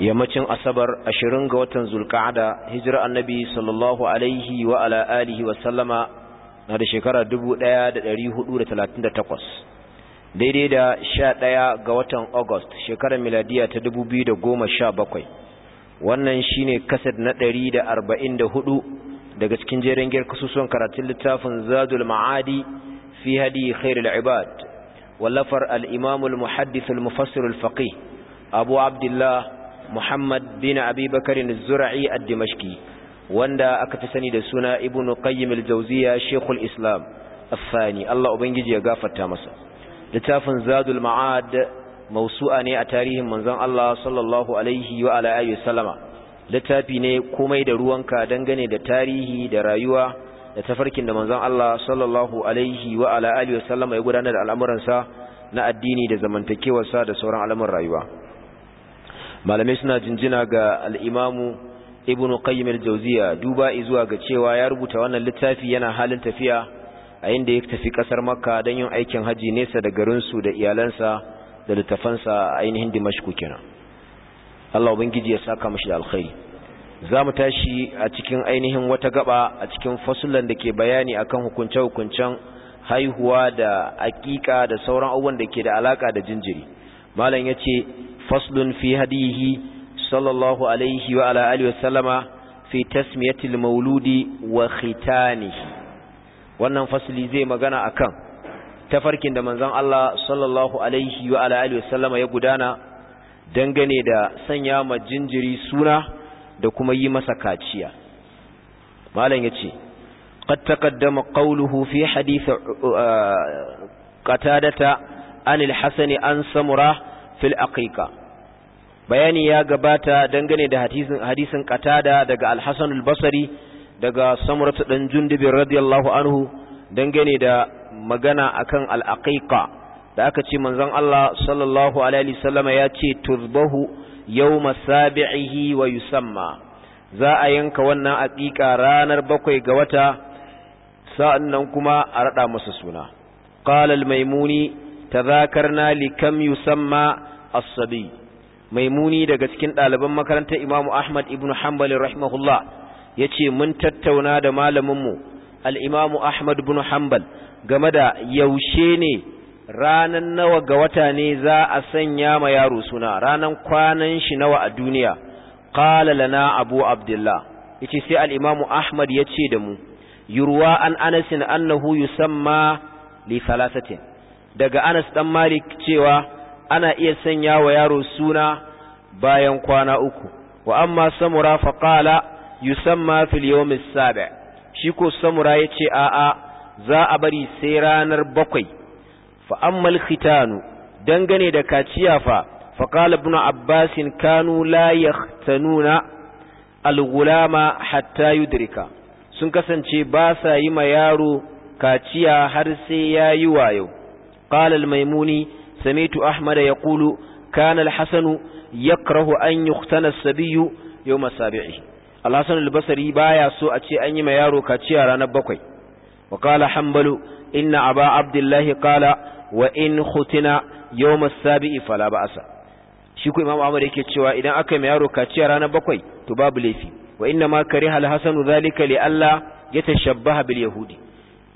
yammacin asabar ashirin ga watan zulka'ada hijira annabi sallallahu alaihi wa ala alihi wa sallama na da shekara 1438 daidai da sha ɗaya ga watan august shekarar miladiya ta 2017 wannan shine kased na 144 daga cikin jerin girkususun karatun littafin zadul ma'adi fi hadi khairul ibad wallafar al-imamul muhaddithul mufassirul faqih abu abdullah Muhammad bin Abi Bakar zurai ad wanda aka fi sani da suna Ibn Qayyim al-Jawziyya Sheikhul Islam afani Allah ubangiji ya gafarta masa littafin Zadul Ma'ad mawsu'a ne a tarihin manzon Allah sallallahu alaihi wa ala alihi sallama littafi ne komai da ruwanka dangane da tarihi da rayuwa da tafarkin da manzon Allah sallallahu alaihi wa ala alihi sallama ya gudanar da al'amuransa na addini da zamantakewarsa da sauran al'amuran rayuwa malamai suna jinjina ga al'imamu ibn qayyim al-jawziya duba zuwa ga cewa ya rubuta wannan littafi yana halin tafiya a inda ya tafi kasar makka don yin aikin haji nesa da garinsu da iyalansa da littafansa a ainihin dimashku kenan Allah ubangiji ya saka mashi da alkhairi za mu tashi a cikin ainihin wata gaba a cikin fasulan da ke bayani akan hukunce-hukuncen haihuwa da aƙiƙa da sauran abubuwan da ke da alaƙa da jinjiri malam ya ce فصل في هديه صلى الله عليه وعلى آله وسلم في تسمية المولود وختانه wannan fasili zai magana akan tafarkin da manzon Allah sallallahu alaihi wa ala alihi wasallama ya gudana dangane da sanya ma jinjiri suna da kuma yi masa kaciya malam yace qad taqaddama qawluhu fi hadith uh, qatadata an al-hasan an samura fil aqiqa bayani ya gabata dangane da hadisin katada daga al-hasan al-basri daga samuratu dan jundubi radiyallahu anhu dangane da magana akan kan aqiqa da aka ce manzon Allah sallallahu alaihi wasallama ya ce tuzbahu yau sabi'ihi wa yusamma za a yanka wannan aƙiƙa ranar bakwai ga wata sa'annan kuma a raɗa masa suna qala al-maimuni tadhakarna likam yusamma as-sabi maimuni daga cikin ɗaliban makarantar imamu ahmad ibn hanbal rahimahullah ya ce mun tattauna da malaminmu al'imamu ahmad ibn hanbal game da yaushe ne ranan nawa ga wata ne za a sanya ma yaro suna ranan kwanan shi nawa a duniya qala lana abu abdullah ce sai al Ahmad ahmad yace da mu yurwa an anas annahu yusamma li salasatin daga anas dan malik cewa ana iya sanya wa yaro suna bayan kwana uku wa amma samura fa qala yusamma fil yawm as-sabi shi ko samura yace a a za a bari sai ranar bakwai fa amma al-khitanu dangane da kaciya fa fa qala ibn abbas kanu la yahtanuna al-ghulama hatta yudrika sun kasance ba sa yi ma yaro kaciya har sai yayi wayo qala al-maimuni سميت أحمد يقول كان الحسن يكره أن يختن السبي يوم السابعي الحسن البصري بايا سوء أتي أن يميارو كتيارا نبقي وقال حنبل إن أبا عبد الله قال وإن ختن يوم السابع فلا بأس shi ku imam amur yake cewa idan aka yi yaro kaciya ranar bakwai to babu laifi wa inna ma kare al-hasan zalika li Allah ya tashabbaha bil yahudi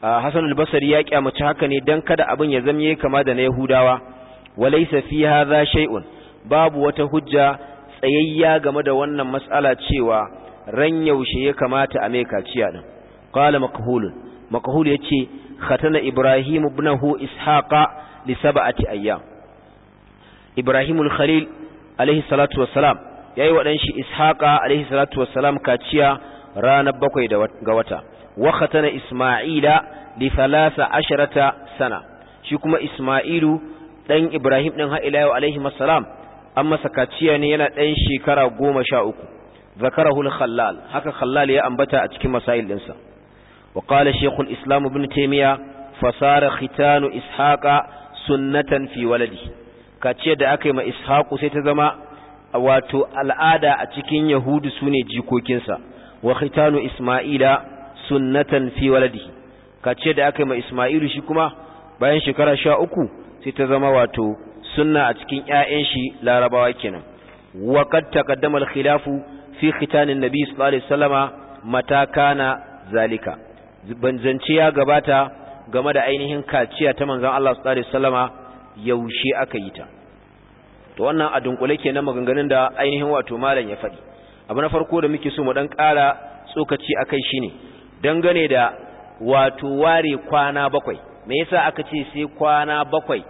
hasan al ya kyamaci haka ne dan kada abin ya zamye kama da na yahudawa walaysa fi hadha shay'un babu wata hujja tsayayya game da wannan mas'ala cewa ran yaushe ya kamata a mai kaciya din qala maqhul maqhul yace khatana ibrahim ibnahu ishaqa li sab'ati ayyam ibrahim al-khalil alayhi salatu wassalam yayi wadan shi ishaqa alayhi salatu wassalam kaciya ranar bakwai ga wata wa khatana isma'ila li 13 sana shi kuma isma'ilu Ɗan Ibrahim ɗin ha ila yau alaihi an masa kaciya ne yana ɗan shekara goma sha uku zakarahu al-khallal haka khallal ya ambata a cikin masail ɗinsa wa qala shaykhul bin ibn taymiya fasara khitanu ishaqa sunnatan fi waladi kaciya da aka yi ma ishaqu sai ta zama wato al'ada a cikin yahudu sune jikokinsa wa khitanu isma'ila sunnatan fi waladihi kaciya da aka yi ma isma'ilu shi kuma bayan shekara sha uku sai ta zama wato sunna a cikin ƴaƴan shi larabawa kenan wa qad taqaddama al-khilafu fi an nabi sallallahu alaihi wasallama mata kana zalika banzance ya gabata game da ainihin kaciya ta manzon Allah sallallahu alaihi wasallama yaushe aka yi ta to wannan a dunkule kenan maganganun da ainihin wato malam ya faɗi abu na farko da muke so mu dan ƙara tsokaci akai shine dangane da wato ware kwana bakwai me yasa aka ce sai kwana bakwai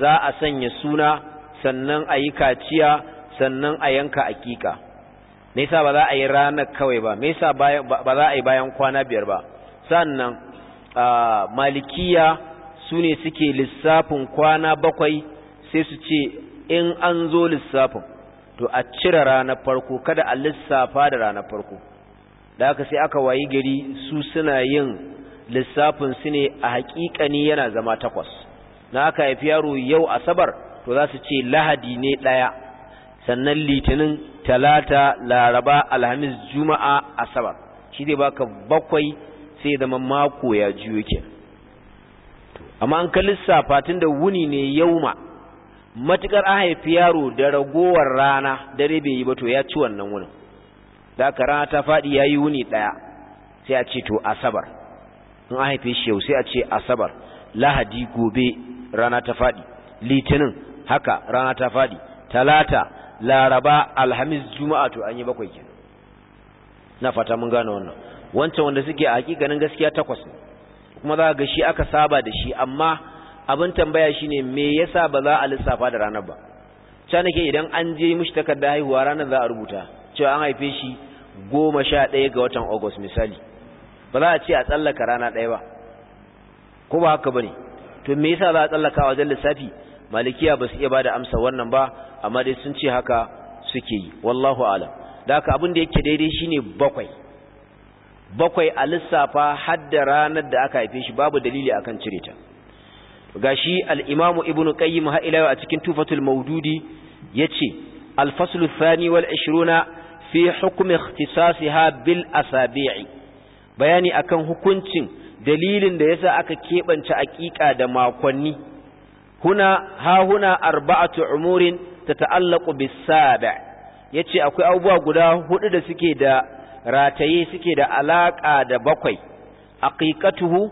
za a sanya suna sannan a yi kaciya sannan a yanka akika me yasa ba za a yi ranar kawai ba me yasa ba za a yi bayan kwana biyar ba sannan malikiya su ne suke lissafin kwana bakwai sai su ce in an zo lissafin to a cire ranar farko kada a lissafa da ranar farko da aka sai aka wayi gari su suna yin lissafin su ne a ne yana zama takwas na aka haifi yaro yau asabar to za su ce lahadi ne ɗaya sannan litinin talata laraba alhamis juma'a asabar shi zai baka bakwai sai zama mako ya juyo ke amma an ka lissafa tun da wuni ne yau ma matukar an haifi yaro da ragowar rana dare bai yi ba to ya ci wannan wunin da aka rana ta faɗi ya yi wuni ɗaya sai a ce to asabar in an haife shi yau sai a ce asabar lahadi gobe rana ta faɗi litinin haka rana ta faɗi talata laraba alhamis juma'a to an yi bakwai ke na fata mun gane wannan wancan wanda suke a hakikanin gaskiya takwas kuma za a ga shi aka saba da shi amma abin tambaya shi ne me yasa ba za a lissafa da ranar ba can idan an je mishi takardar haihuwa ranar za a rubuta cewa an haife shi goma sha ɗaya ga watan agus misali ba za a ce a tsallaka rana ɗaya ba ko ba haka bane to me yasa za a tsallaka wajen lissafi malikiya ba su iya bada amsa wannan ba amma dai sun ce haka suke yi wallahu alam da haka abin da yake daidai shine bakwai bakwai a lissafa har da ranar da aka haife shi babu dalili akan cire ta gashi al-imamu ibnu qayyim ha ila a cikin tufatul mawdudi yace al-faslu thani wal 20 fi hukm ikhtisasiha bil asabi'i bayani akan hukuncin dalilin da yasa aka keɓance aƙiƙa da makonni huna ha huna arba'atu umurin tata'allaqu bis sab'a yace akwai abubuwa guda hudu da suke da rataye suke da alaka da bakwai aqiqatuhu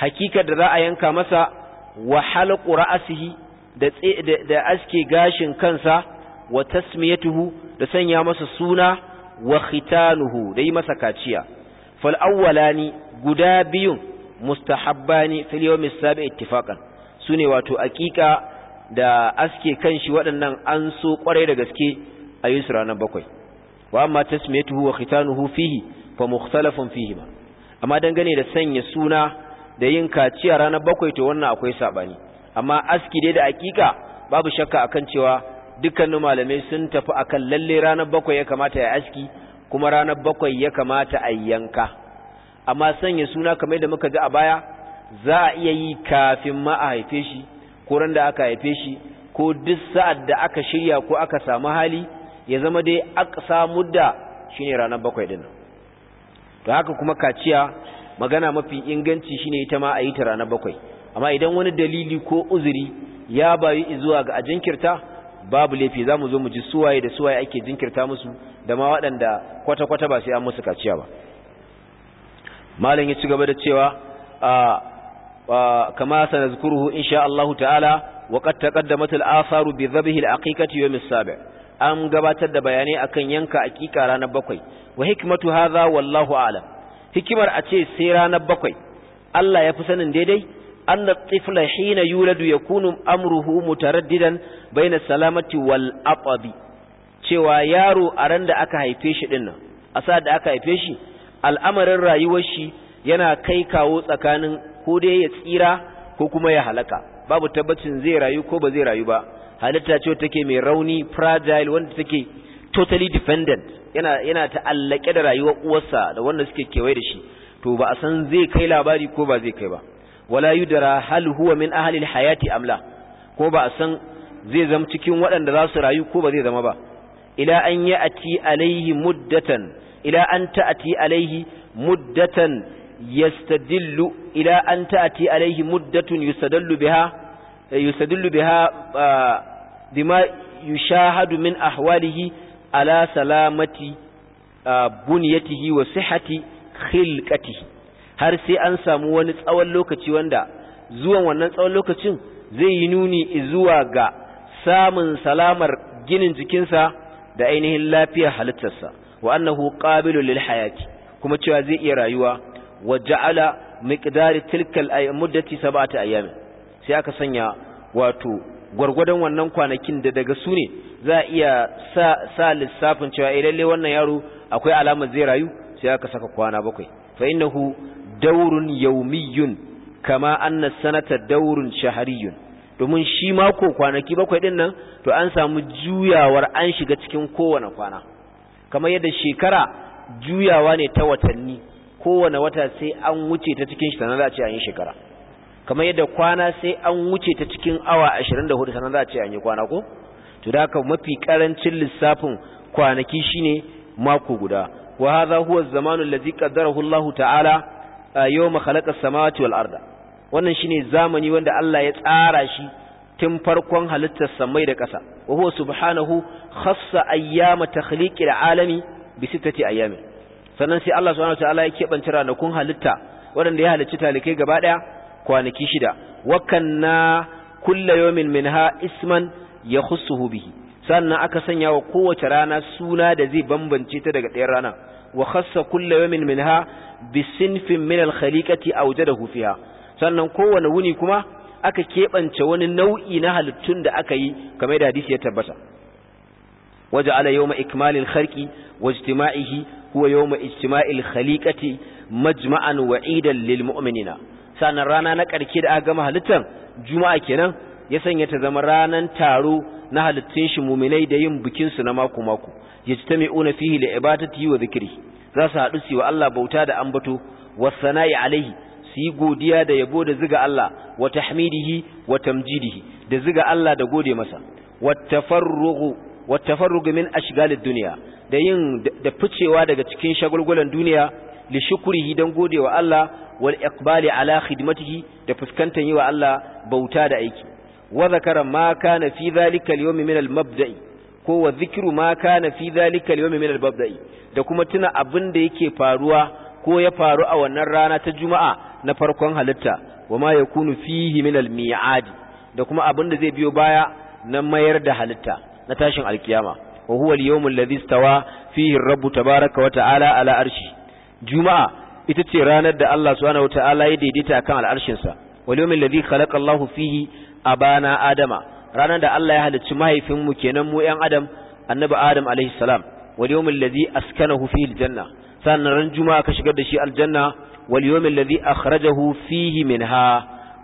hakika da za a yanka masa wa halqu ra'sihi da da aske gashin kansa wa tasmiyatuhu da sanya masa suna wa khitanuhu da yi masa kaciya fal guda biyun mustahabba ne yawmi sabi ittifaqan sune wato aqiqa da aske kan shi waɗannan an so kwarai da gaske a yusra ranar bakwai wa amma tuhu wa khitanuhu fihi fa mukhtalafun fihi ma amma dangane da sanya suna da yin kaciya ranar bakwai to wannan akwai saɓani. amma aski dai da aqiqa babu shakka akan cewa dukkanin malamai sun tafi akan lalle ranar bakwai ya kamata ya aski kuma ranar bakwai ya kamata a yanka amma sanya suna kamar da muka ga a baya za a iya yi kafin ma a haife shi ko ran da aka haife shi ko duk sa'ad da aka shirya ko aka samu hali ya zama dai da mudda shine ranar bakwai din to haka kuma kaciya magana mafi inganci shine ita ma a yi ta ranar bakwai amma idan wani dalili ko uzuri ya bayi zuwa ga a jinkirta babu laifi za mu zo mu ji suwaye da suwaye ake jinkirta musu da ma waɗanda kwata-kwata ba sai an musu kaciya ba malam ya ci gaba da cewa a kama sanazkuruhu insha allahu ta'ala wa qad taqaddamat al-atharu bi dhabhi al-aqiqati yawm as an gabatar da bayanai akan yanka aqiqa ranar bakwai wa hikmatu hadha wallahu a'lam hikimar a ce sai ranar bakwai Allah ya fi sanin daidai anna tifla hina yuladu yakunu amruhu mutaraddidan bayna salamati wal aqabi cewa yaro a ran da aka haife shi dinnan a sa da aka haife shi al'amarin rayuwar shi yana kai kawo tsakanin ko dai ya tsira ko kuma ya halaka babu tabbacin zai rayu ko ba zai rayu ba halitta ce take mai rauni fragile wanda take totally dependent yana yana ta'allake da rayuwar uwarsa da wanda suke kewaye da shi to ba a san zai kai labari ko ba zai kai ba wala yudara hal huwa min ahli hayati amla ko ba a san zai zama cikin waɗanda za su rayu ko ba zai zama ba ila an ti alaihi muddatan ila an ta'ti alaihi muddatan yastadillu ila an ta'ti alaihi muddatun yustadallu biha eh, yustadillu biha bima yushahadu min ahwalihi ala salamati eh, bunyatihi wa sihhati khilqati har sai an samu wani tsawon lokaci wanda zuwan wannan tsawon lokacin zai yi nuni zuwa ga samun salamar ginin jikinsa da ainihin lafiya halittarsa wa annahu qabilul lil hayati kuma cewa zai iya rayuwa wa ja'ala miqdari tilkal ay muddati sab'ati ayyam sai aka sanya wato gwargwadon wannan kwanakin da daga su ne za a iya sa, sa lissafin cewa idan eh, lalle wannan yaro akwai alama zai rayu sai aka saka kwana bakwai fa innahu dawrun yawmiyyun kama anna sanata dawrun shahriyun domin shi mako kwanaki bakwai din nan to an samu juyawar an shiga cikin kowane kwana kamar yadda shekara juyawa ne ta watanni kowane wata sai an wuce ta cikin shi za a ce an yi shekara kamar yadda kwana sai an wuce ta cikin awa 24 sannan za a ce an yi kwana ko to da haka mafi karancin lissafin kwanaki shine mako guda wa hadha huwa az-zamanu qaddarahu Allahu ta'ala a khalaqa as-samawati wal arda wannan shine zamani wanda Allah ya tsara shi tun farkon halittar samai da ƙasa wa huwa subhanahu khassa ayyama takhliqil alami bi sittati ayyami sannan sai Allah subhanahu wataala ya keɓance ranakun halitta waɗanda ya halicci talikai gaba kwanaki shida wakanna kulla yawmin minha isman yakhussuhu bihi sannan aka sanya wa kowace rana suna da zai bambance ta daga ɗayan rana wa khassa kulla yawmin minha bi sinfin min al-khaliqati awjadahu fiha sannan kowane wuni kuma aka keɓance wani nau'i na halittun da aka yi kamar da hadisi ya tabbata waje ala yawma ikmalil kharqi wajtima'ihi huwa yawma ijtima'il khaliqati majma'an wa'idan lil sannan rana na ƙarke da aka gama halittan juma'a kenan ya sanya ta zama ranan taro na halittun shi muminai da yin bikinsu na mako mako yajtami'una fihi li yi wa zikiri. za su haɗu su wa Allah bauta da ambato wasana'i alaihi su yi godiya da yabo da ziga Allah wa tahmidihi wa tamjidihi da ziga Allah da gode masa wa tafarrugu wa min ashgalid dunya da yin da ficewa daga cikin shagulgulan duniya li shukrihi dan godewa Allah wal iqbali ala khidmatihi da fuskantar yi wa Allah bauta da aiki wa zakara ma kana fi zalika al min al mabda'i ko wa dhikru ma kana fi zalika al min al mabda'i da kuma tuna abin da yake faruwa ko ya faru a wannan rana ta juma'a na farkon halitta wa ma kunu fihi min al da kuma abin da zai biyo baya na mayar da halitta na tashin alkiyama wa huwa al-yawm alladhi istawa fihi ar-rabb tabaaraka wa ta'ala ala arshi juma'a ita ce ranar da Allah subhanahu wa ta'ala ya daidaita kan al-arshin sa wal yawm alladhi khalaqa Allahu fihi abana adama ranar da Allah ya halicci mahaifinmu kenan mu 'yan adam annabi adam alaihi salam wal yawm alladhi askanahu fihi al-janna sannan ran juma'a ka shigar da shi aljanna wal yawmil ladhi akhrajahu fihi minha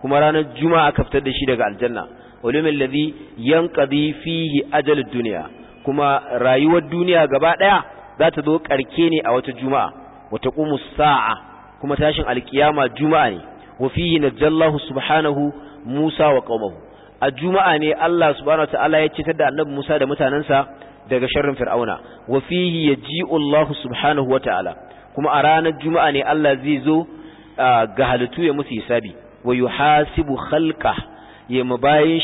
kuma ranar juma'a ka fitar da shi daga aljanna wal yawmil ladhi yanqadi fihi ajal dunya kuma rayuwar duniya gaba daya za ta zo karke ne a wata juma'a wata taqumu sa'a kuma tashin alkiyama juma'a ne wa fihi najallahu subhanahu Musa wa qaumahu a juma'a ne Allah subhanahu wa ta'ala ya ce da annabi Musa da mutanansa daga sharrin fir'auna wa fihi yaji'u Allah subhanahu wata'ala kuma a ranar juma'a ne Allah zai zo ga halittu ya musu hisabi wa yuhasibu khalqa ya mabayin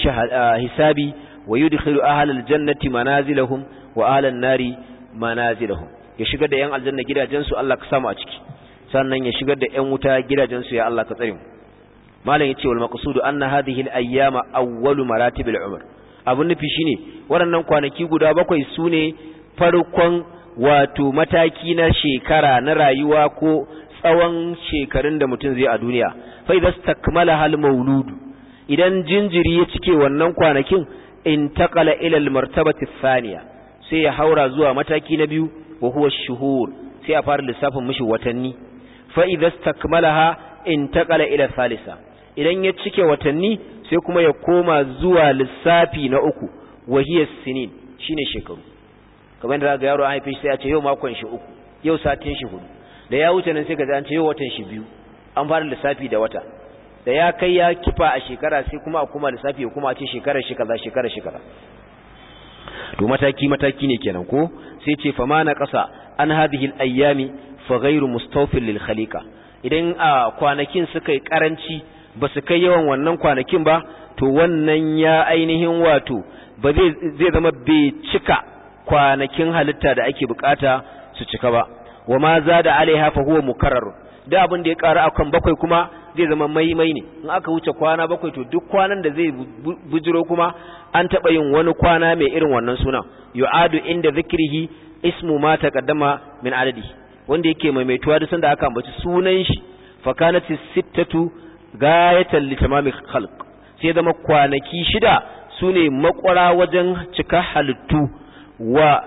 hisabi wa yudkhilu ahlal jannati manazilahum wa ahlan nari manazilahum ya shigar da yan aljanna gidajen su Allah ka samu a ciki sannan ya shigar da yan wuta gidajen su ya Allah ka tsare mu malam yace wal maqsudu anna hadhihi al ayyama awwalu maratibil umr abin nufi shi ne waɗannan kwanaki guda bakwai su ne farkon wato mataki na shekara na rayuwa ko tsawon shekarun da mutum zai a duniya fa idza stakmala hal mauludu idan jinjiri ya cike wannan kwanakin in taƙala ilal martabati tiffaniya sai ya haura zuwa mataki na biyu wa huwa shuhur sai a fara lissafin mishi watanni fa idza stakmalaha intaqala ila salisa idan ya cike watanni sai kuma ya koma zuwa lissafi na uku wahiyar sinin shine shekaru kamar da ga yaro an haife sai a ce yau makon shi uku yau satin shi hudu da ya wuce nan sai ka an ce yau watan shi biyu an fara lissafi da wata da ya kai ya kifa a shekara sai kuma a kuma lissafi kuma a ce shekarar shi kaza shekarar shi kaza to mataki mataki ne kenan ko sai ce fa na kasa an hadhihi al-ayyami fa ghayru mustawfil lil khaliqa idan a ah, kwanakin suka yi karanci ba su kai yawan wannan kwanakin ba to wannan ya ainihin wato ba zai zama bai cika kwanakin halitta da ake bukata su cika ba wa ma za da alaiha fa huwa mukarrar da abin da ya ƙara akan bakwai kuma zai zama maimai ne in aka wuce kwana bakwai to duk kwanan da zai bujiro kuma an taɓa yin wani kwana mai irin wannan suna yu'adu inda zikrihi ismu ma taqaddama min adadi wanda yake maimaituwa duk sanda aka ambaci sunan shi fa sittatu gayatan litamami khalq sai zama kwanaki shida sune makwara wajen cika halittu wa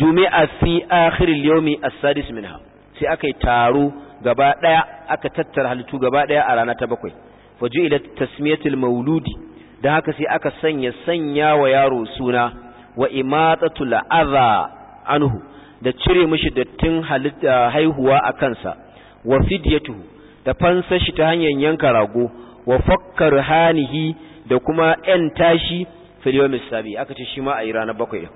jumi'a fi akhiril yawmi as-sadis minha sai aka yi taro gaba daya aka tattara halittu gaba daya a rana ta bakwai faju'ila tasmiyatul mauludi da haka sai aka sanya sanya wa yaro suna wa imatatul adha anhu da cire mishi dattin haihuwa a kansa wa fidyatuhu da fansa shi ta hanyar yanka rago wa fakkar hanihi da kuma ‘yan tashi filiyomis sabi aka ce shi ma a yi ranar bakwai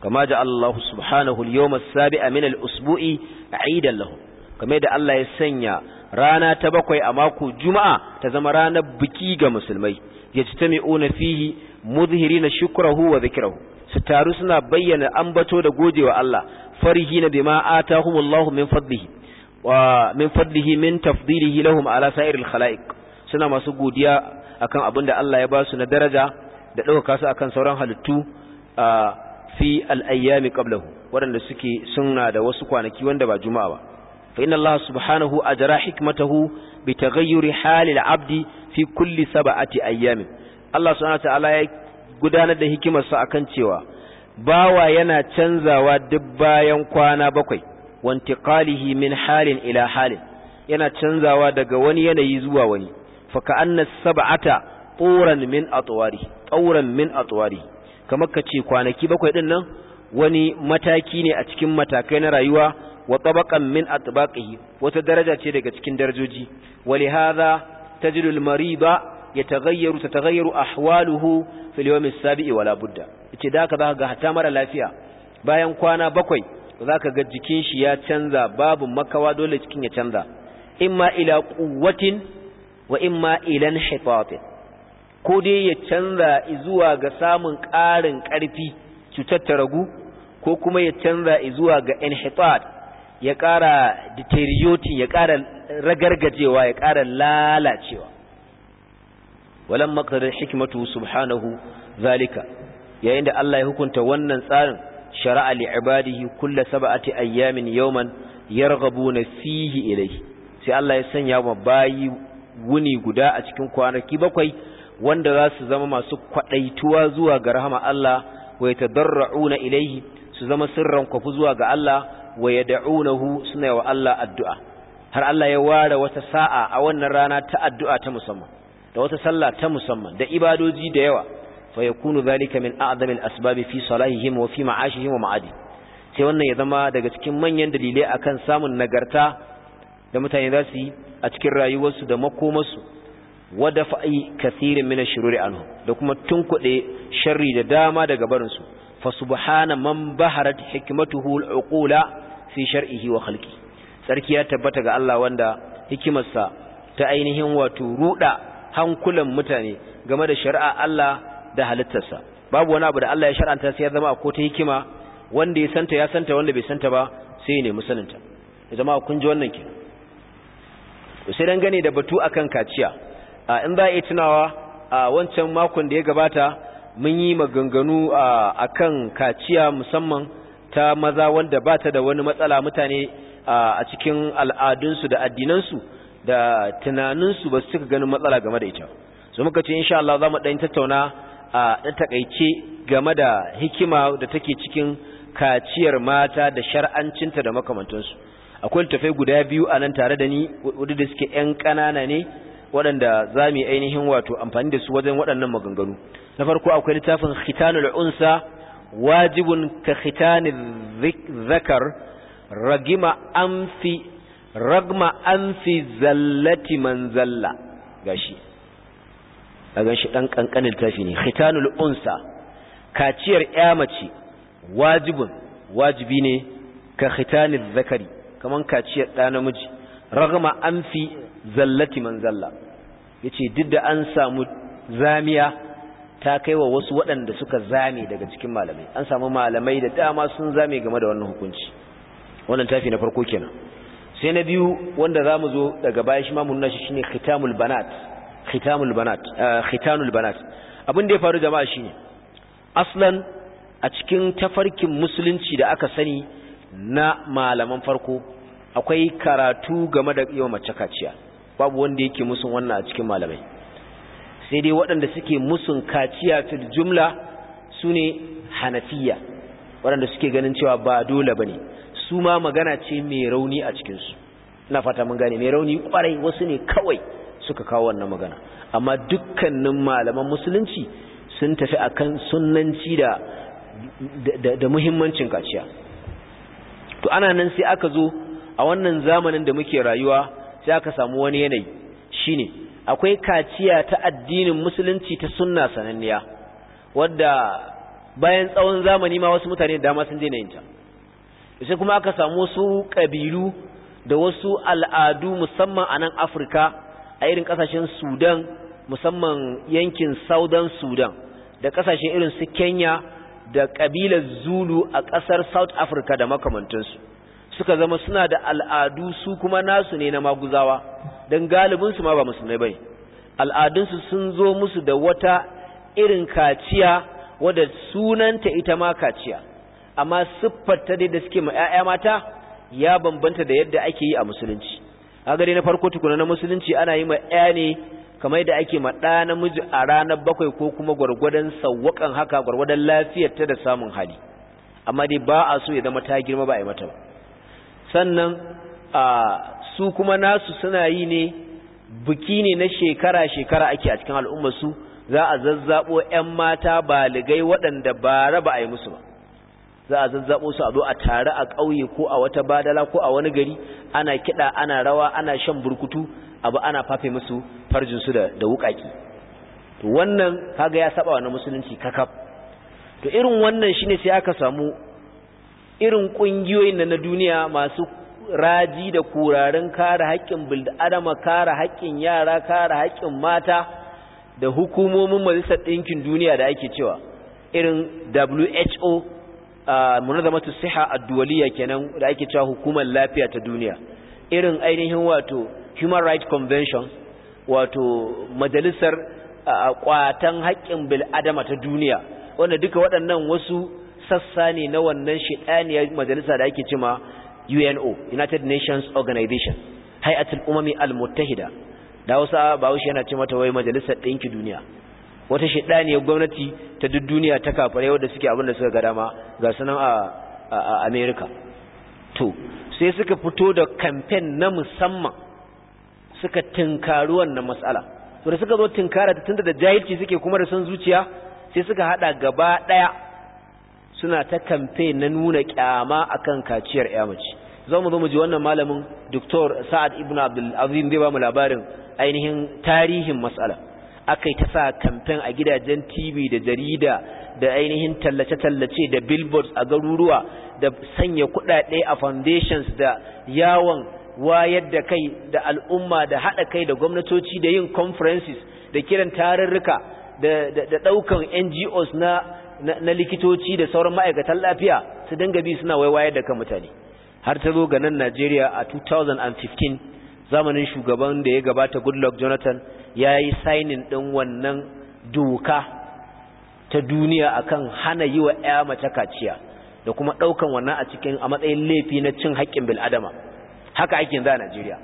kama da Allah subhanahu liyomis sabi a minal usbu'i a idan lahu da Allah ya sanya rana ta bakwai a mako juma'a ta zama ranar biki ga musulmai ya ci ta mi'una fihi muzhiri na shukurahu wa zikirahu su taru suna bayyana ambato da gojewa Allah farihi na bima atahumullahu min fadlihi wa min fadlihi min tafdilihi lahum ala sa'iril khalaiq suna masu godiya akan abin da Allah ya ba su na daraja da ɗaukaka su akan sauran halittu fi al-ayyami qablahu waɗanda suke suna da wasu kwanaki wanda ba juma'a ba fa inna Allah subhanahu ajra hikmatahu bi taghayyuri hali abdi fi kulli sab'ati ayyamin Allah subhanahu ta'ala ya gudanar da hikimarsa akan cewa bawa yana canzawa duk bayan kwana bakwai وانتقاله من حال إلى حال yana canzawa daga wani yanayi zuwa wani ka annas sab'ata turan min atwari tauran min atwari kamar kace kwanaki bakwai din nan wani mataki ne a cikin matakai na rayuwa wa tabaqan min atbaqihi wata daraja ce daga cikin darajoji walihadha tajidu almariba yataghayyaru tataghayyaru ahwaluhu fil yawm as-sabi'i wala budda yace da ka ga hatta mara lafiya bayan kwana bakwai za ka ga jikin shi ya canza babu makawa dole cikin ya canza imma ila quwwatin wa imma ila inhitatin ko dai ya canza zuwa ga samun ƙarin ƙarfi cutar ragu ko kuma ya canza zuwa ga inhifat ya ƙara deteriorating ya ƙara ragargajewa ya ƙara lalacewa walan maqdar hikmatu subhanahu zalika yayin da Allah ya hukunta wannan tsarin shara'a li ibadihi kulla sab'ati ayyamin yawman yarghabuna fihi ilayhi sai Allah ya sanya wa bayi wuni guda a cikin kwanaki bakwai wanda za su zama masu kwadaituwa zuwa ga rahama Allah wa yatadarra'una ilaihi, su zama sirran kwafu zuwa ga Allah wa yad'unahu suna wa Allah addu'a har Allah ya ware wata sa'a a wannan rana ta addu'a ta musamman da wata sallah ta musamman da ibadoji da yawa فيكون ذلك من أعظم الأسباب في صلاحهم وفي معاشهم ومعادهم sai wannan ya zama daga cikin manyan dalilai akan samun nagarta da mutane za su yi a cikin rayuwarsu da makomarsu wadda fa'i kasirin mina shiruri anhu da kuma kuɗe sharri da dama daga barinsu fa subhana man baharat hikmatuhu al'uqula fi shar'ihi wa halki, sarki ya tabbata ga Allah wanda hikimarsa ta ainihin wato ruɗa hankulan mutane game da shari'a Allah da halittarsa babu wani abu da Allah ya shar'anta sai ya zama ko ta hikima wanda ya santa ya santa wanda bai santa ba sai ya nemi saninta ya zama kun ji wannan kenan sai dan gane da batu akan kaciya in za a tunawa a wancan makon da ya gabata mun yi maganganu akan kaciya musamman ta maza wanda ba ta da wani matsala mutane a cikin al'adunsu da addinansu da tunaninsu ba su cika ganin matsala game da ita so muka ce insha Allah za mu ɗan tattauna a takaice game da hikima da take cikin kaciyar mata da shar'ancinta da makamantansu akwai tafai guda biyu a nan tare da ni wadda suke 'yan ƙanana ne waɗanda za mu ainihin wato amfani da su wajen waɗannan maganganu na farko akwai littafin khitanul unsa wajibun ka khitanil zakar ragima amfi ragma amfi zallati man zalla gashi a ɗan ƙanƙanin tafi ne hitanul unsa kaciyar ya mace wajibin wajibi ne ka khitanul zakari kaman kaciyar ɗa namiji ragama an fi zallati man zalla ya ce duk da an samu zamiya ta kai wa wasu waɗanda suka zame daga cikin malamai an samu malamai da dama sun zame game da wannan hukunci wannan tafi na farko kenan sai na biyu wanda za mu zo daga baya shi ma mun nashi shine khitamul banat khitamul banat eh, khitanul banat abin da ya faru jama'a shine aslan a cikin tafarkin musulunci da aka sani na malaman farko akwai karatu game da yawan mace kaciya babu wanda yake musun wannan a cikin malamai sai dai waɗanda suke musun kaciya fil jumla su ne hanafiya waɗanda suke ganin cewa ba dole ba ne su ma magana ce mai rauni a cikinsu na fata mun gane mai rauni kwarai wasu ne kawai suka kawo wannan magana amma dukkanin malaman musulunci sun tafi akan sunnanci da da muhimmancin kaciya to ana nan sai aka zo a wannan zamanin da muke rayuwa sai aka samu wani yanayi shine akwai kaciya ta addinin musulunci ta sunna sananniya wadda bayan tsawon zamani ma wasu mutane da dama sun daina yin sai kuma aka samu su kabilu da wasu al'adu musamman a nan Afirka a irin kasashen sudan musamman yankin southern sudan da kasashe irin su kenya da kabilar zulu a kasar south africa da makamantansu suka zama suna da al'adu su kuma nasu ne na maguzawa don galibinsu ma ba musulmai bai al'adunsu sun zo musu da wata irin kaciya wadda sunanta ita ma kaciya amma siffarta dai da suke ma 'ya'ya mata ya bambanta da yadda ake yi a musulunci kaga na farko tukuna na musulunci ana yi ma ɗaya ne kamar da ake ma ɗa namiji a ranar bakwai ko kuma gwargwadon sawwakan haka gwargwadon lafiyar ta da samun hali amma dai ba a so ya zama ta girma ba a yi mata ba sannan a su kuma nasu suna yi ne biki ne na shekara-shekara ake a cikin su, za a zazzabo 'yan mata baligai waɗanda ba raba a yi musu ba za a zazzabo su a zo a tare a ƙauye ko a wata badala ko a wani gari ana kiɗa ana rawa ana shan burkutu abu ana fafe musu farjin su da wukaki to wannan kaga ya saba na musulunci kakaf to irin wannan shine sai aka samu irin kungiyoyin na duniya masu raji da kurarin kare haƙƙin bil'adama kare haƙƙin yara kare haƙƙin mata da hukumomin majalisar ɗinkin duniya da ake cewa irin WHO munazamatu siha ad-duwaliya kenan da ake cewa hukumar lafiya ta duniya irin ainihin wato human rights convention wato majalisar kwatan haƙƙin bil'adama ta duniya wanda duka waɗannan wasu sassa ne na wannan shiɗaniyar majalisa da ake cima UNO United Nations Organization Hay'atul Umami Al-Muttahida da wasu ba wuce yana ce mata wai majalisar ɗinki duniya wata ne a gwamnati ta duk duniya ta kafare wadda suke abin da suka ga dama ga sanan a America to sai suka fito da kamfen na musamman suka tinkari wannan matsala, to suka zo tinkara ta tunda da jahilci suke kuma da son zuciya sai suka hada gaba daya suna ta kamfen na nuna kyama akan kaciyar yamaci za mu zo mu ji wannan malamin Dr. Sa'ad Ibn Abdul zai ba mu labarin ainihin tarihin matsalar aka yi ta sa kamfen a gidajen tv da jarida da ainihin tallace-tallace da billboards a garuruwa da sanya kudade a foundations da yawon wayar da kai da al'umma da haɗa kai da gwamnatoci da yin conferences da kiran tarurruka da ɗaukar ngos na na likitoci da sauran ma'aikatan lafiya su dinga bi suna waiwayar da kan mutane har ta zo ga nan Najeriya a 2015 zamanin shugaban da ya gabata Goodluck Jonathan ya yi sainin ɗin wannan doka ta duniya akan hana yi wa ‘ya mace kaciya da kuma ɗaukan wannan a cikin a matsayin laifi na cin haƙƙin bil'adama haka ake za a Najeriya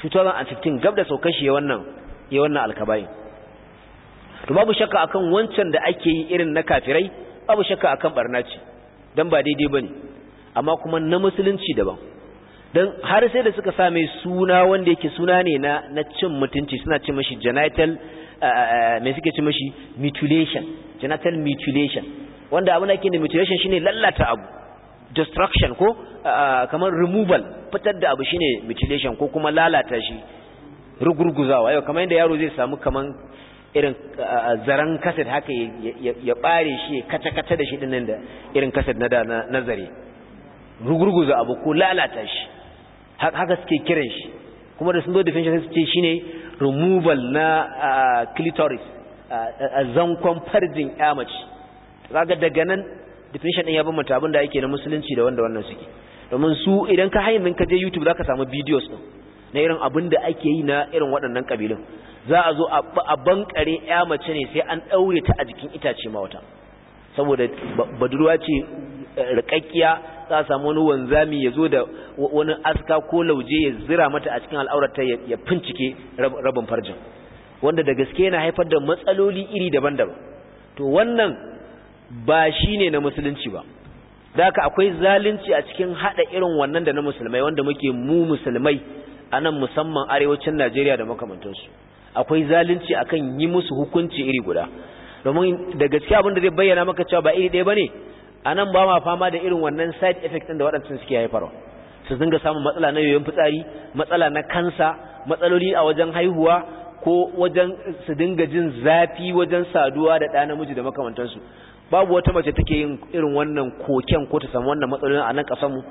2015 gab da saukar shi wannan ya wannan alkabayin to babu shakka akan wancan da ake yi irin na kafirai babu shakka akan barnaci. ce dan ba daidai ba ne. amma kuma na musulunci daban don har sai da suka sa mai suna wanda yake suna ne na na cin mutunci suna ce mashi genital eh, eh, eh, mai suke ce mashi mutilation genital mutilation wanda abin da ake da mutilation shine lallata abu destruction ko kamar removal fitar da abu shine mutilation ko kuma lalata shi rugurguzawa yau kamar yadda yaro zai samu kamar irin zaren kaset haka ya bare shi ya kata kata da shi dinnan da irin kasar na da nazari rugurguza abu ko lalata shi haka suke kiran shi kuma da sun zo definition sai su ce shine removal na clitoris zankon farjin yamaci kaga daga nan definition din ya bambanta abin da yake na musulunci da wanda wannan suke domin su idan ka hayin ka je YouTube zaka samu videos din na irin abinda ake yi na irin waɗannan kabilun za a zo a bankare yamace ne sai an daure ta a jikin itace ma wata saboda budurwa ce eh, rikakkiya za a samu wani wanzami ya zo da wani aska ko lauje ya zira mata a cikin al'aurata ya fincike rabin farjin wanda da gaske yana haifar da matsaloli iri daban-daban to wannan ba shi ne na musulunci ba da haka akwai zalunci a cikin haɗa irin wannan da na musulmai wanda muke mu musulmai a nan musamman arewacin najeriya da makamantansu akwai zalunci akan yi musu hukunci iri guda domin da gaske abin da zai bayyana maka cewa ba iri ɗaya ba ne a nan ba ma fama da irin wannan side effect ɗin da waɗancan suke haifarwa su dinga samun matsala na yoyon fitsari matsala na kansa matsaloli a wajen haihuwa ko wajen su dinga jin zafi wajen saduwa da ɗa namiji da makamantansu babu wata mace take yin irin wannan koken ko ta samu wannan matsalolin a nan ƙasar mu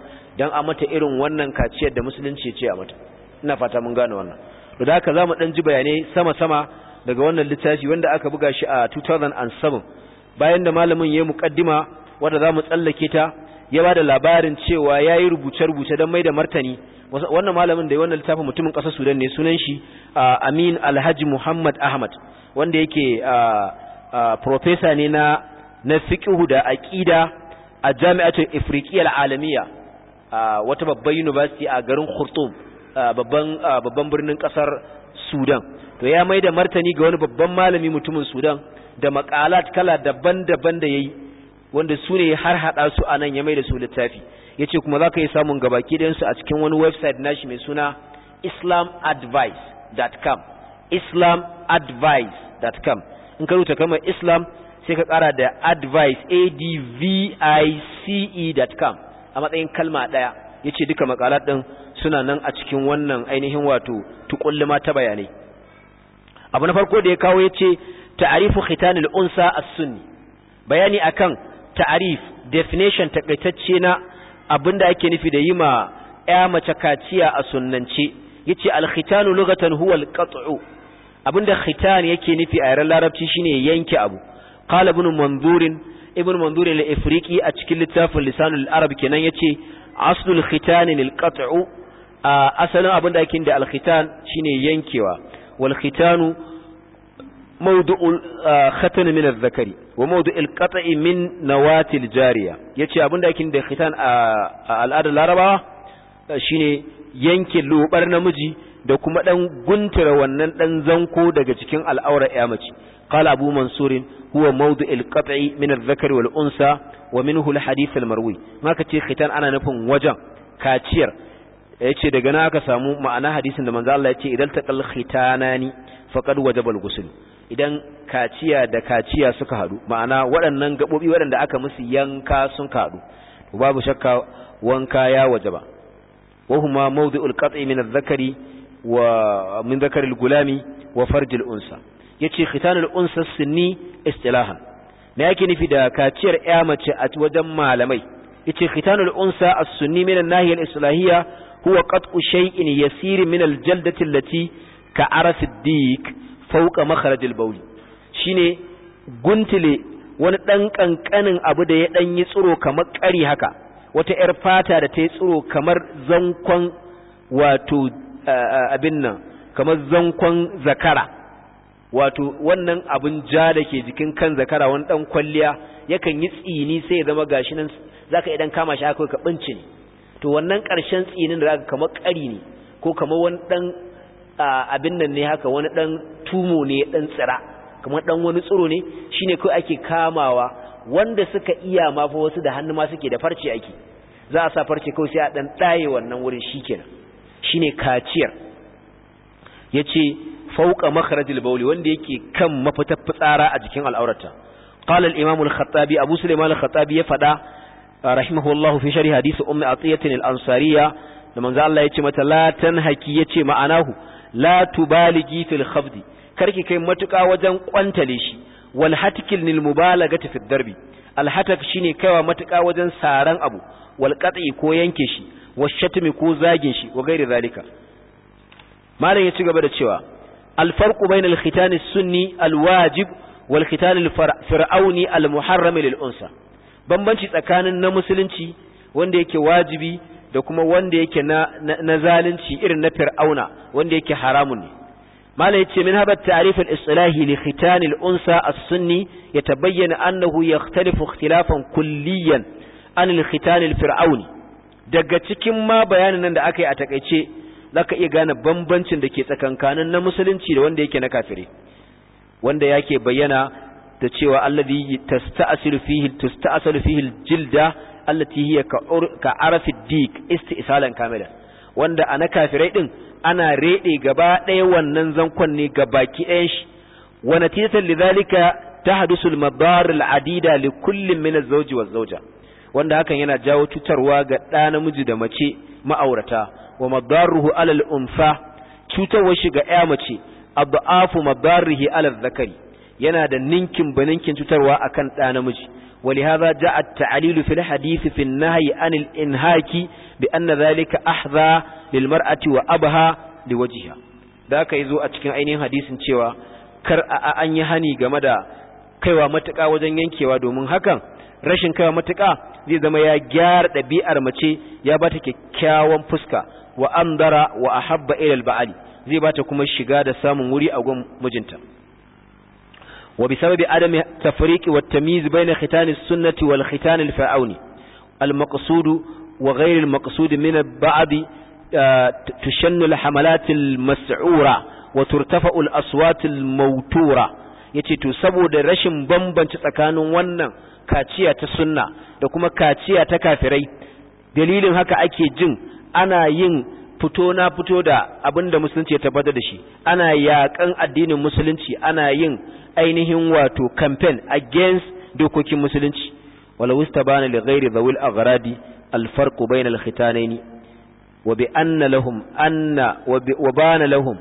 a mata irin wannan kaciyar da musulunci ce a mata ina fata mun gane wannan to da haka mu ɗan ji bayanai sama sama daga wannan littafi wanda aka buga shi a 2007 bayan da malamin yayi muƙaddima. wanda za mu tsallake ta ya ba da labarin cewa ya yi rubuce-rubuce don mai da martani wannan malamin da ya wannan littafin mutumin ƙasar sudan ne sunan shi amin alhaji muhammad ahmad wanda yake profesa ne na na fiƙihu da aƙida a jami'atun ifriqiyya alamiya wata babban university a garin khurtum babban birnin ƙasar sudan to ya mai da martani ga wani babban malami mutumin sudan da makalat kala daban-daban da ya yi. wanda su ne har hada su a nan ya mai da su littafi ya ce kuma za ka yi samun gabaki ɗayansu a cikin wani website nashi mai suna islamadvice.com islamadvice.com in ka rubuta kamar islam sai ka ƙara da advice advice.com a matsayin kalma ɗaya ya ce duka makalar ɗin suna nan a cikin wannan ainihin wato tukullima ta bayanai abu na farko da ya kawo ya ce ta'arifu khitanil unsa as-sunni bayani akan ta'arif definition takaitacce na abinda ake nufi da yima ya mace kaciya a sunnance yace al-khitanu lughatan huwa al-qat'u abinda khitan yake nufi a yaren larabci shine yanke abu qala ibn manzur ibn manzur al-ifriqi a cikin littafin lisanul arab kenan yace aslul khitani lil-qat'u asalin abinda ake da al-khitan shine yankewa wal khitanu mawdu'ul khatan min zakari wa mawdu'il qat'i min nawatil jariya yace abin dakin da khitan a al'adar larabawa shine yanke lobar namiji da kuma ɗan guntira wannan dan zanko daga cikin al'aura ya mace qala abu mansurin huwa mawdu'il qat'i min az-zakari wal unsa wa minhu al-hadith al-marwi maka ce khitan ana nufin wajen kaciyar yace daga na aka samu ma'ana hadisin da manzo Allah yace idan taqal khitanani faqad wajaba al-ghusl idan kaciya da kaciya suka haɗu ma'ana waɗannan gaɓoɓi waɗanda aka musu yanka sun haɗu to babu shakka wanka ya ba wahuma mawdi'ul qat'i min adh-dhakari wa min dhakari al-gulami wa farjil unsa yace khitanul unsa sunni istilahan me yake nufi da kaciyar ya mace a wajen malamai yace khitanul unsa as-sunni min an-nahiya al-islahiyya huwa qat'u shay'in yasir min al-jaldati allati ka arasid fauka makharajil bauli shine guntule wani dan kankanin abu da ya dan yi tsiro kamar kari haka wata yar fata da ta yi tsiro kamar zankon wato abin nan kamar zankon zakara wato wannan abin ja da ke jikin kan zakara wani dan kwalliya yakan yi tsini sai ya zama gashi nan zaka idan kama shi aka ka bincin to wannan karshen tsinin da zaka kamar kari ne ko kamar wani dan abin nan ne haka wani dan tumo ne dan tsira kamar ɗan wani tsiro ne shine kai ake kamawa wanda suka iya ma fa wasu da hannu ma suke da farce ake za a sa farce kai sai a ɗan daye wannan wurin shikenan shine kaciyar yace fauka makharajil Bauli," wanda yake kan mafitar fitsara a jikin al'aurata qala al-imam al-khattabi abu sulaiman al-khattabi ya fada rahimahullahu fi sharhi hadith ummi atiyatin al-ansariya da manzo Allah yace mata la tanhaki yace ma'anahu la tubaligi fil khafdi karki kai matuka wajen kwantale shi wal hatkil lil mubalagati fid darbi al hatak shine kaiwa matuka wajen saran abu wal ko yanke shi was shatmi ko zagin shi wa gairi zalika malam ya ci gaba da cewa al farqu bainal khitan sunni al wajib wal fir'auni al muharram lil unsa bambanci tsakanin na musulunci wanda yake wajibi da kuma wanda yake na na zalunci irin na fir'auna wanda yake haramun ne malai yace min habat ta'rif al-islahi li khitan al-unsa as-sunni yatabayyana annahu yakhtalifu ikhtilafan kulliyan an al-khitan al-fir'auni daga cikin ma bayanin nan da aka yi a takaice zaka iya gane bambancin da ke tsakankanin na musulunci da wanda yake na kafire wanda yake bayyana da cewa alladhi tasta'silu fihi tasta'silu fihi al-jilda allati hiya ka arafid dik istisalan kamila wanda ana kafirai din ana rede gaba ɗaya wannan zankon ne ga baki ɗayan shi wa natijatan lidhalika tahdusul madar al'adida li kullin min az-zawji waz-zawja wanda hakan yana jawo cutarwa ga ɗa namiji da mace ma'aurata wa madaruhu alal unfa cutarwa shi ga ya mace abafu madarihi alal zakari yana da ninkin baninkin cutarwa akan ɗa namiji ولهذا جاء التعليل في الحديث في النهي عن الإنهاك بأن ذلك أحذى للمرأة وأبها لوجهها ذاك يزو cikin ainihin hadisin cewa kar a an yi hani game da kaiwa matuƙa wajen yankewa domin hakan rashin kaiwa matuƙa zai zama ya gyara ɗabi'ar mace ya ba ta kyakkyawan fuska wa andara wa ahabba ila al-ba'ali zai ba ta kuma shiga da samun wuri a gun mijinta وبسبب عدم التفريق والتمييز بين ختان السنة والختان الفاعوني المقصود وغير المقصود من البعض تشن الحملات المسعورة وترتفع الأصوات الموتورة yace to saboda rashin bambanci tsakanin wannan kaciya ta sunna da kuma kaciya ta kafirai dalilin haka ake jin ana yin fito na fito da abinda musulunci ya tabbatar da shi ana yakan addinin musulunci ana yin ainihin wato campaign against dokokin musulunci walau istabana da ghairi dhawil aghradi al farqu bayna al khitanaini wa bi anna lahum anna wa na lahum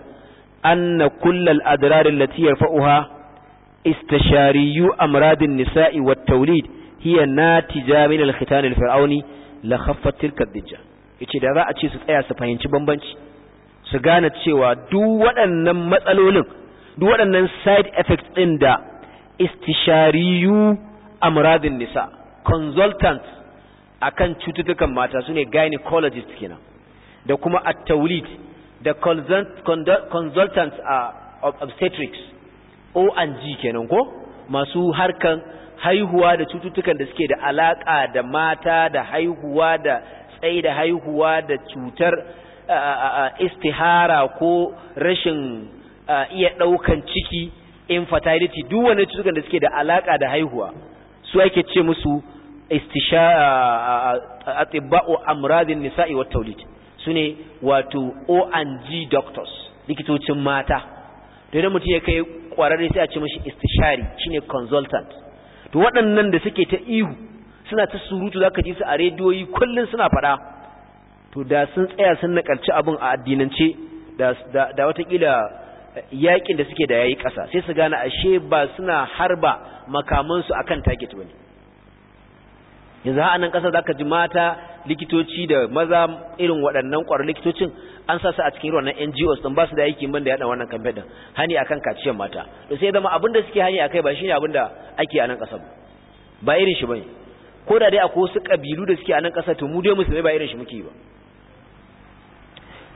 anna kull al adrar allati yarfa'uha istishariyu amrad nisa'i wat tawlid hiya natija min al khitan fir'auni la khaffat tilka dijja yace da za a ce su tsaya su fahimci bambanci su gane cewa duk waɗannan matsalolin duk waɗannan side effects ɗin da istishariyu muradin nisa consultant kan cututtukan mata su ne gynecologist kenan da kuma a taulid da consultant a obstetrics O&G kenan ko masu harkan haihuwa da cututtukan da suke da alaƙa da mata da haihuwa da tsaye da haihuwa da cutar istihara ko rashin iya ɗaukan ciki infertility duk wani cutukan da suke da alaka da haihuwa su ake ce musu istisha atibba'u amradin nisa'i wat tawlid sune wato O doctors likitocin mata to idan mutum ya kai kwararre sai a ce mishi istishari shine consultant to waɗannan da suke ta ihu suna ta surutu zaka ji su a rediyoyi kullun suna faɗa to da sun tsaya sun nakalci abin a addinance da watakila yakin da suke da yayi ƙasa sai su gane ashe ba suna harba makamansu akan target bane yanzu ha anan ƙasa zaka ji mata likitoci da maza irin waɗannan ƙwarar likitocin an sa su a cikin wannan NGOs din ba su da aiki ban da yaɗa wannan campaign din hani akan kaciyar mata to sai zama abin da suke hani akai ba shine abin da ake a nan ƙasa ba irin shi bane ko da dai akwai wasu kabilu da suke a nan ƙasa to mu dai musulmai ba irin shi muke ba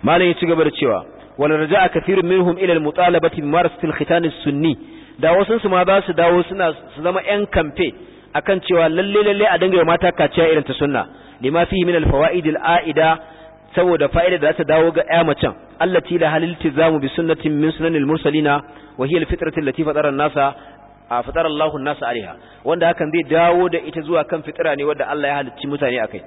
malam ya ci gaba da cewa wal raja'a kathirun min ila al mutalabati bi marasat al khitan as sunni da wasu su za su dawo suna su zama yan kamfe akan cewa lalle lalle a dangaye mata kaciya irin ta sunna lima fihi min al fawaid aida saboda fa'ida da ta dawo ga ƴa macen allati la halil tizamu bi sunnatin min sunanil mursalina wa hiya al fitratu allati fatara nasa a fatar nasu alaiha wanda hakan zai dawo da ita zuwa kan fitira ne wanda Allah ya halicci mutane akai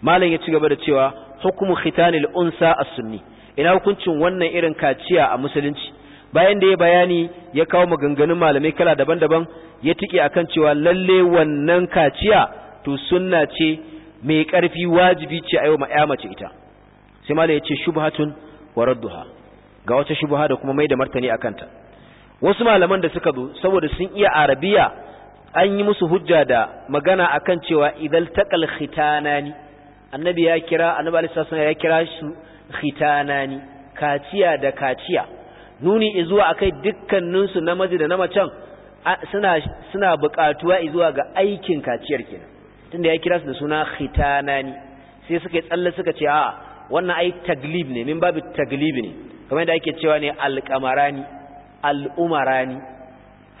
malam ya ci gaba da cewa hukumu khitanil unsa a sunni ina hukuncin wannan irin kaciya a musulunci bayan da ya bayani ya kawo maganganun malamai kala daban-daban ya tike akan cewa lalle wannan kaciya to sunna ce mai ƙarfi wajibi ce a yau ma ya mace ita sai malam ya ce shubhatun wa radduha ga wata shubha da kuma mai da martani akan ta wasu malaman da suka zo saboda sun iya arabiya an yi musu hujja da magana akan cewa idal taqal khitanani annabi ya kira annabi alaihi ya kira su khitanani kaciya da kaciya nuni izuwa akai dukkaninsu namiji da na macan suna suna buƙatuwa izuwa ga aikin kaciyar kenan tunda ya kira su da suna khitanani sai suka tsalle suka ce a wannan ai taglib ne min babu taglib ne kamar da ake cewa ne alqamarani al'umarani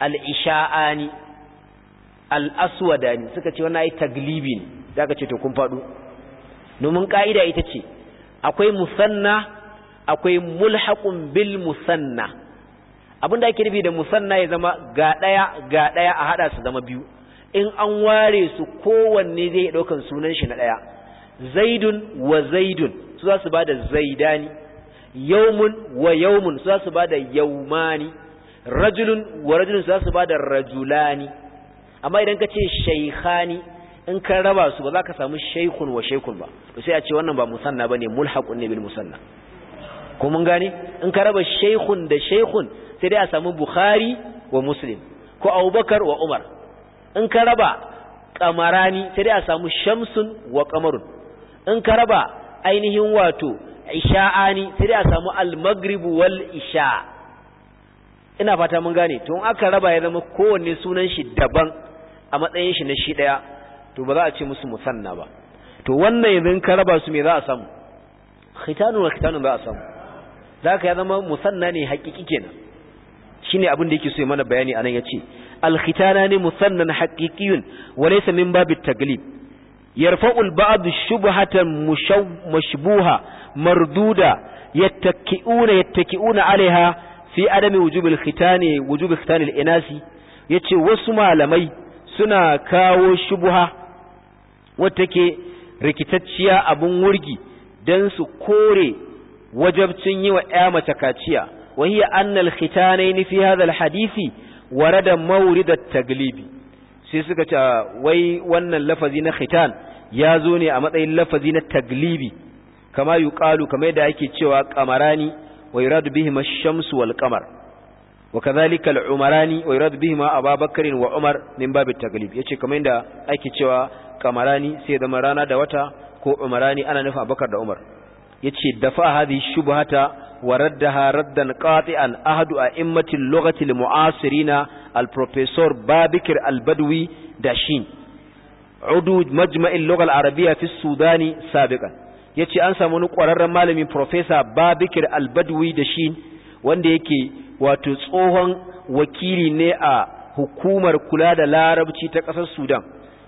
al'isha'ani al'aswadani suka ce wannan ai taglibi ne zaka ce to kun faɗo domin ka'ida ita ce akwai musanna akwai mulhaqun bil musanna abinda ake nufi da musanna ya zama ga daya ga daya a hada su zama biyu in an ware su kowanne zai daukan sunan shi na daya zaidun wa zaidun su za su bada zaidani yawmun wa yawmun su za su bada yawmani rajulun wa rajulun su za su bada rajulani amma idan ka ce shaykhani in ka raba su ba za ka samu shaikun wa shaikun ba to sai a ce wannan ba musanna bane mulhaqun ne bil musanna ko mun gane in ka raba shaikun da shaikun sai dai a samu bukhari wa muslim ko abubakar wa umar in ka raba kamarani sai dai a samu shamsun wa qamarun in ka raba ainihin wato isha'ani sai dai a samu al-maghrib wal isha ina fata mun gane to in aka raba ya zama kowanne sunan shi daban a matsayin shi na shi daya to ba za a ce musu musanna ba to wannan yanzu ka raba su me za a samu khitanu wa khitanu za a samu zaka ya zama musanna ne haƙiƙi kenan shine abin da yake so ya mana bayani anan yace al khitanani musannan haqiqiyun wa laysa min babit taglib yarfa'u al ba'd shubhatan mashbuha marduda yattaki'una yattaki'una alaiha fi adami wujub al khitani wujub al khitani al inasi yace wasu malamai suna kawo shubha wadda ke rikitacciya abun wurgi don su kore wajabcin yi wa ‘ya mace kaciya wa hiya annal khitanaini fi hadha alhadisi warada da taglibi sai suka ce wai wannan lafazi na khitan ya zo ne a matsayin lafazi na taglibi kama yuqalu kamar yadda ake cewa qamarani wa yuradu bihi mashamsu shamsu wal qamar wa kadhalika al-umarani wa yuradu ma Abu Bakr wa Umar min babit taglib yace kamar yadda ake cewa kamarani sai zama rana da wata ko umarani ana nufa bakar da umar yace dafa hadhihi shubhata wa raddaha raddan qati'an ahadu a'immatil lughati al mu'asirina al professor babikir al badwi dashin udu majma'il lugha al arabiyya fi sudani sabiqan yace an samu wani ƙwararren malami professor babikir al badwi dashin wanda yake wato tsohon wakili ne a hukumar kula da larabci ta ƙasar sudan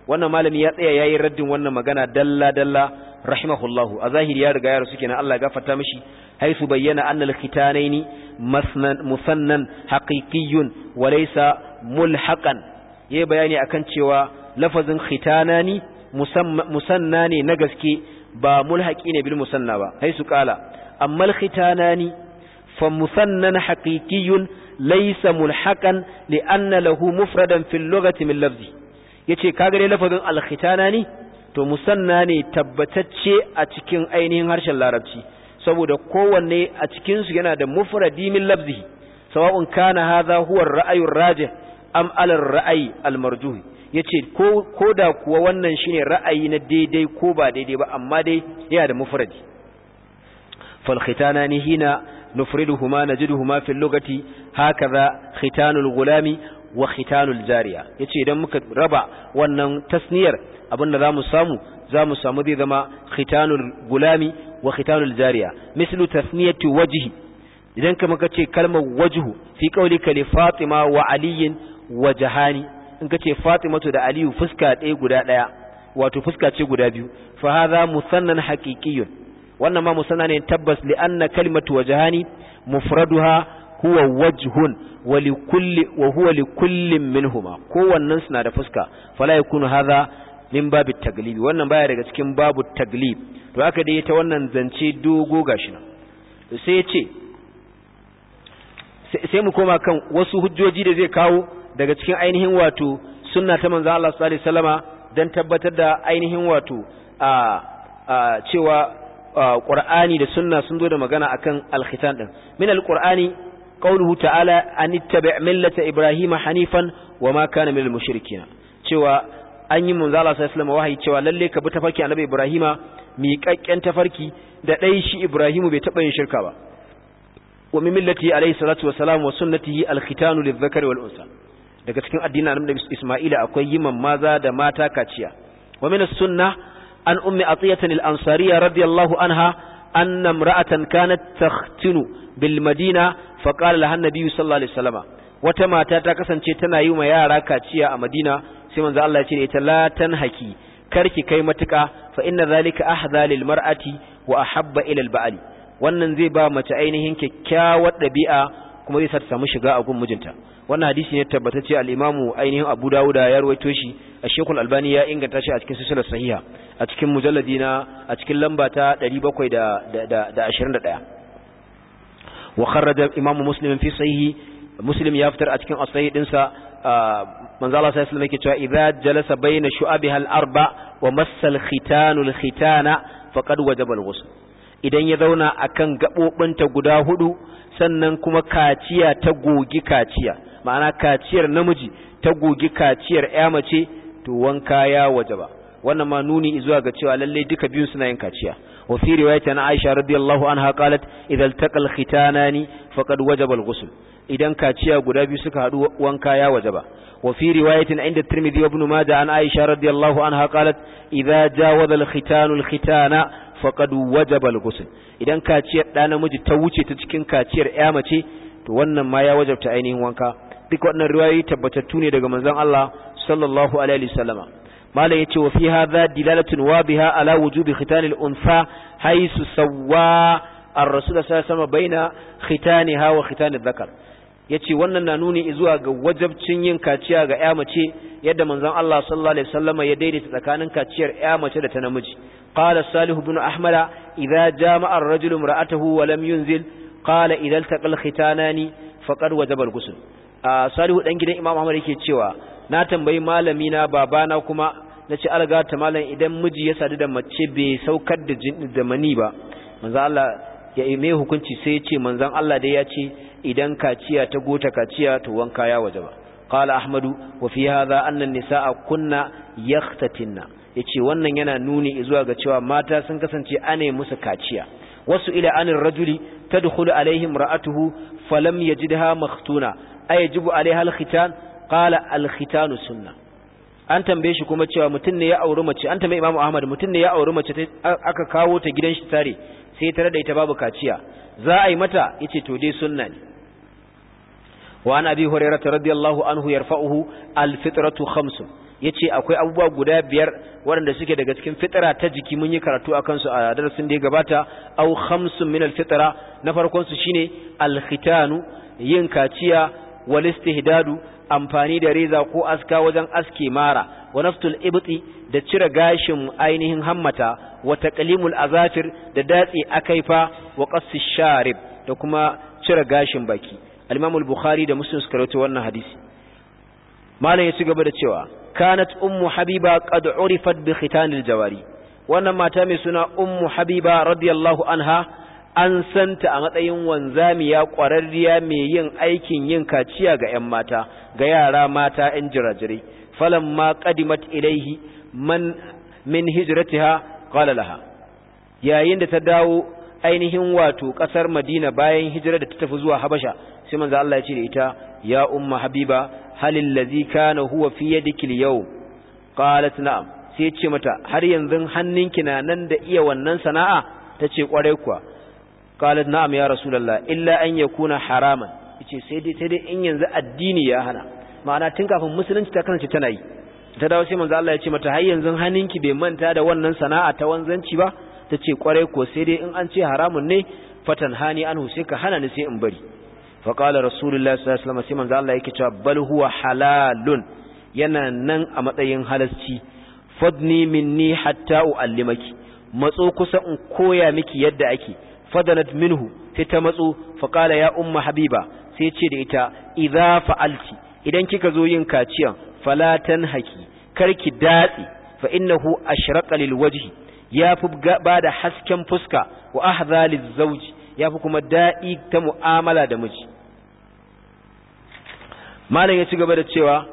wannan malami ya tsaya yayi raddin wannan magana dalla dalla rahimahullahu a zahiri ya riga ya rasu kenan Allah ya gafarta mishi haisu bayyana annal khitanaini masnan musannan haqiqiyyun wa laysa mulhaqan yayi bayani akan cewa lafazin khitanani musanna ne na gaske ba mulhaqi ne bil musanna ba haisu kala amma al khitanani fa musannan haqiqiyyun laysa mulhaqan li anna lahu mufradan fil lughati min lafzi yace kaga dai lafazin alkhitana ne to musanna ne tabbatacce a cikin ainihin harshen larabci saboda kowanne a cikinsu yana da mufradi min labzihi sawa'un kana hadha huwa ar-ra'yu ar-rajih am ala ar-ra'yi al-marjuh yace ko koda kuwa wannan shine ra'ayi na daidai ko ba daidai ba amma dai yana da mufradi fal khitanani hina nufriduhuma najiduhuma fil lughati hakaza khitanul gulami wa khitanul jariya yace idan muka raba wannan tasniyar abinda zamu samu zamu samu zai zama khitanul gulami wa khitanul jariya mislu tasniyati wajhi idan kuma kace kalmar wajhu fi qawli kali fatima wa wajahani wa jahani in kace fatimatu da aliyu fuska ɗaya guda ɗaya wato fuska ce guda biyu fa hadha musannan haqiqiyyun wannan ma musanna ne tabbas li anna kalimatu wajhani mufraduha huwa wajhun wa likulli wa huwa likullin minhuma kowannen suna da fuska fala yakunu hadha min babu taglibi wannan baya daga cikin babu taglib to haka dai ta wannan zance dogo gashi nan sai ce sai mu koma kan wasu hujjoji da zai kawo daga cikin ainihin wato sunna ta manzo Allah sallallahu alaihi wasallama dan tabbatar da ainihin wato a cewa Qur'ani da sunna sun zo da magana akan alkhitan din min alqur'ani qawluhu ta'ala an ittabi' millata ibrahima hanifan wa ma kana minal mushrikin cewa an yi manzo Allah wahayi cewa lalle ka bi tafarki annabi ibrahima miƙaƙƙen tafarki da dai shi ibrahimu bai taɓa yin shirka ba wa min millati alaihi salatu wassalam wa sunnatihi alkhitanu lidhakari wal unsa daga cikin addinin annabi isma'ila akwai yiman maza da mata kaciya wa min as-sunnah an ummi atiyatan al-ansariyya radiyallahu anha anna imra'atan kanat tahtinu bil madina fa qala lahan alaihi wasallama wata mata ta kasance tana yi ma yara kaciya a madina sai manzo Allah ya ce ita la tanhaki karki kai matuka fa inna zalika ahza lil mar'ati wa ahabba ila al ba'li wannan zai ba mace ainihin kyakkyawar dabi'a kuma zai sa ta samu shiga a gun mijinta wannan hadisi ne tabbatacce al-imamu ainihin Abu dawuda ya rawaito shi a Sheikh al-Albani ya inganta shi a cikin sunan sahiha a cikin mujalladi na a cikin lamba ta 721 wa kharraja imamu muslim fi sahihi muslim ya fitar a cikin asahi dinsa manzo Allah sallallahu alaihi cewa idza jalasa baina shu'abiha al-arba wa massa al-khitanu al-khitana faqad wajaba al-ghusl idan ya zauna akan gabobinta guda hudu sannan kuma kaciya ta gogi kaciya ma'ana kaciyar namiji ta gogi kaciyar ya mace to wanka ya wajaba wannan ma nuni zuwa ga cewa lalle duka biyun suna yin kaciya وفي رواية عن عائشة رضي الله عنها قالت إذا التقى الختانان فقد وجب الغسل idan kaciya guda biyu suka hadu wanka ya wajaba wa fi riwayatin inda tirmidhi abnu ibn majah an aisha radiyallahu anha qalat idza jawaza idan kaciyar ɗa namiji ta wuce ta cikin kaciyar ya mace to wannan ma ya wajabta ainihin wanka duk waɗannan riwayoyi tabbatattu ne daga manzon Allah sallallahu alaihi malam yace wa fi hadha dilalatun wa ala wujubi khitan al-unsa haythu sawwa ar-rasul sallallahu baina khitaniha wa khitan zakar dhakar yace wannan na nuni zuwa ga wajabcin yin kaciya ga ya mace yadda manzon Allah sallallahu alaihi wasallama ya daidaita tsakanin kaciyar ya mace da ta namiji qala salih ibn ahmada idza jama'a ar-rajulu imra'atahu wa lam yunzil qala idza iltaqa al-khitanani faqad wajaba al-ghusl ah, salihu dan gidan imam ahmad yake cewa na tambayi malami na babana kuma na ce alga malam idan miji ya sadu da mace bai saukar da da mani ba manzo Allah ya yi mai hukunci sai ce manzon Allah dai ya ce idan kaciya ta gota kaciya to wanka ya waje ba. qala ahmadu wa fi hadha anna nisaa kunna Ya yace wannan yana nuni zuwa ga cewa mata sun kasance ane musu kaciya wasu ila anir rajuli tadkhulu alaihim ra'atuhu falam yajidha makhtuna ayajibu alaiha al-khitan qala al-khitanu sunna an tambaye shi kuma cewa mutum ne ya auri mace an tambaye imamu ahmad mutum ne ya auri mace aka kawo ta gidan shi tare sai ta da ita babu kaciya za a yi mata yace to dai sunna ne wa an abi hurairah radiyallahu anhu yarfa'uhu al-fitratu khamsu yace akwai abubuwa guda biyar waɗanda suke daga cikin fitira ta jiki mun yi karatu a kansu a darasin da ya gabata aw khamsun min al-fitra na farkon su shine al-khitanu yin kaciya wal istihdadu amfani da reza ko aska wajen aske mara wa naftul ibti da cire gashin ainihin hammata wa taqlimul azatir da datse akaifa wa qassi sharib da kuma cire gashin baki al-imam al-bukhari da muslim suka rawaito wannan hadisi malam ya ci gaba da cewa kanat ummu habiba qad urifat bi khitanil jawari wannan mata mai suna ummu habiba radiyallahu anha an santa a matsayin wanzamiya ƙwararriya mai yin aikin yin kaciya ga 'yan mata ga yara mata yan jirajirai ma ƙadimat ilaihi min hijratiha qala laha yayin da ta dawo ainihin wato ƙasar Madina bayan hijira da ta tafi zuwa Habasha sai manzo Allah ya ce da ita ya umma habiba halin ladhi kana huwa fiye da al-yawm na'am sai ya ce mata har yanzu hannunki na nan da iya wannan sana'a tace kwarai kuwa qalat na'am ya rasulallah illa an yakuna haraman yace sai dai sai dai in yanzu addini ya hana ma'ana tun kafin musulunci ta kasance tana yi ta dawo sai manzo Allah ya ce mata har yanzu hannunki bai manta da wannan sana'a ta wanzanci ba tace kwarai ko sai dai in an ce haramun ne fatan hani anhu sai ka hana ni sai in bari fa qala rasulullahi sallallahu alaihi wasallam sai manzo Allah yake cewa bal huwa halalun yana nan a matsayin halasci fadni minni hatta uallimaki matso kusa in koya miki yadda ake fadanat minhu sai matso fa qala ya umma habiba sai ce da ita idza fa'alti idan kika zo yin kaciyan fala tanhaki karki datsi fa innahu ashraqa lil wajhi ba da hasken fuska wa ahdha lil ya yafi kuma daɗi ta mu'amala da miji malam ya ci gaba da cewa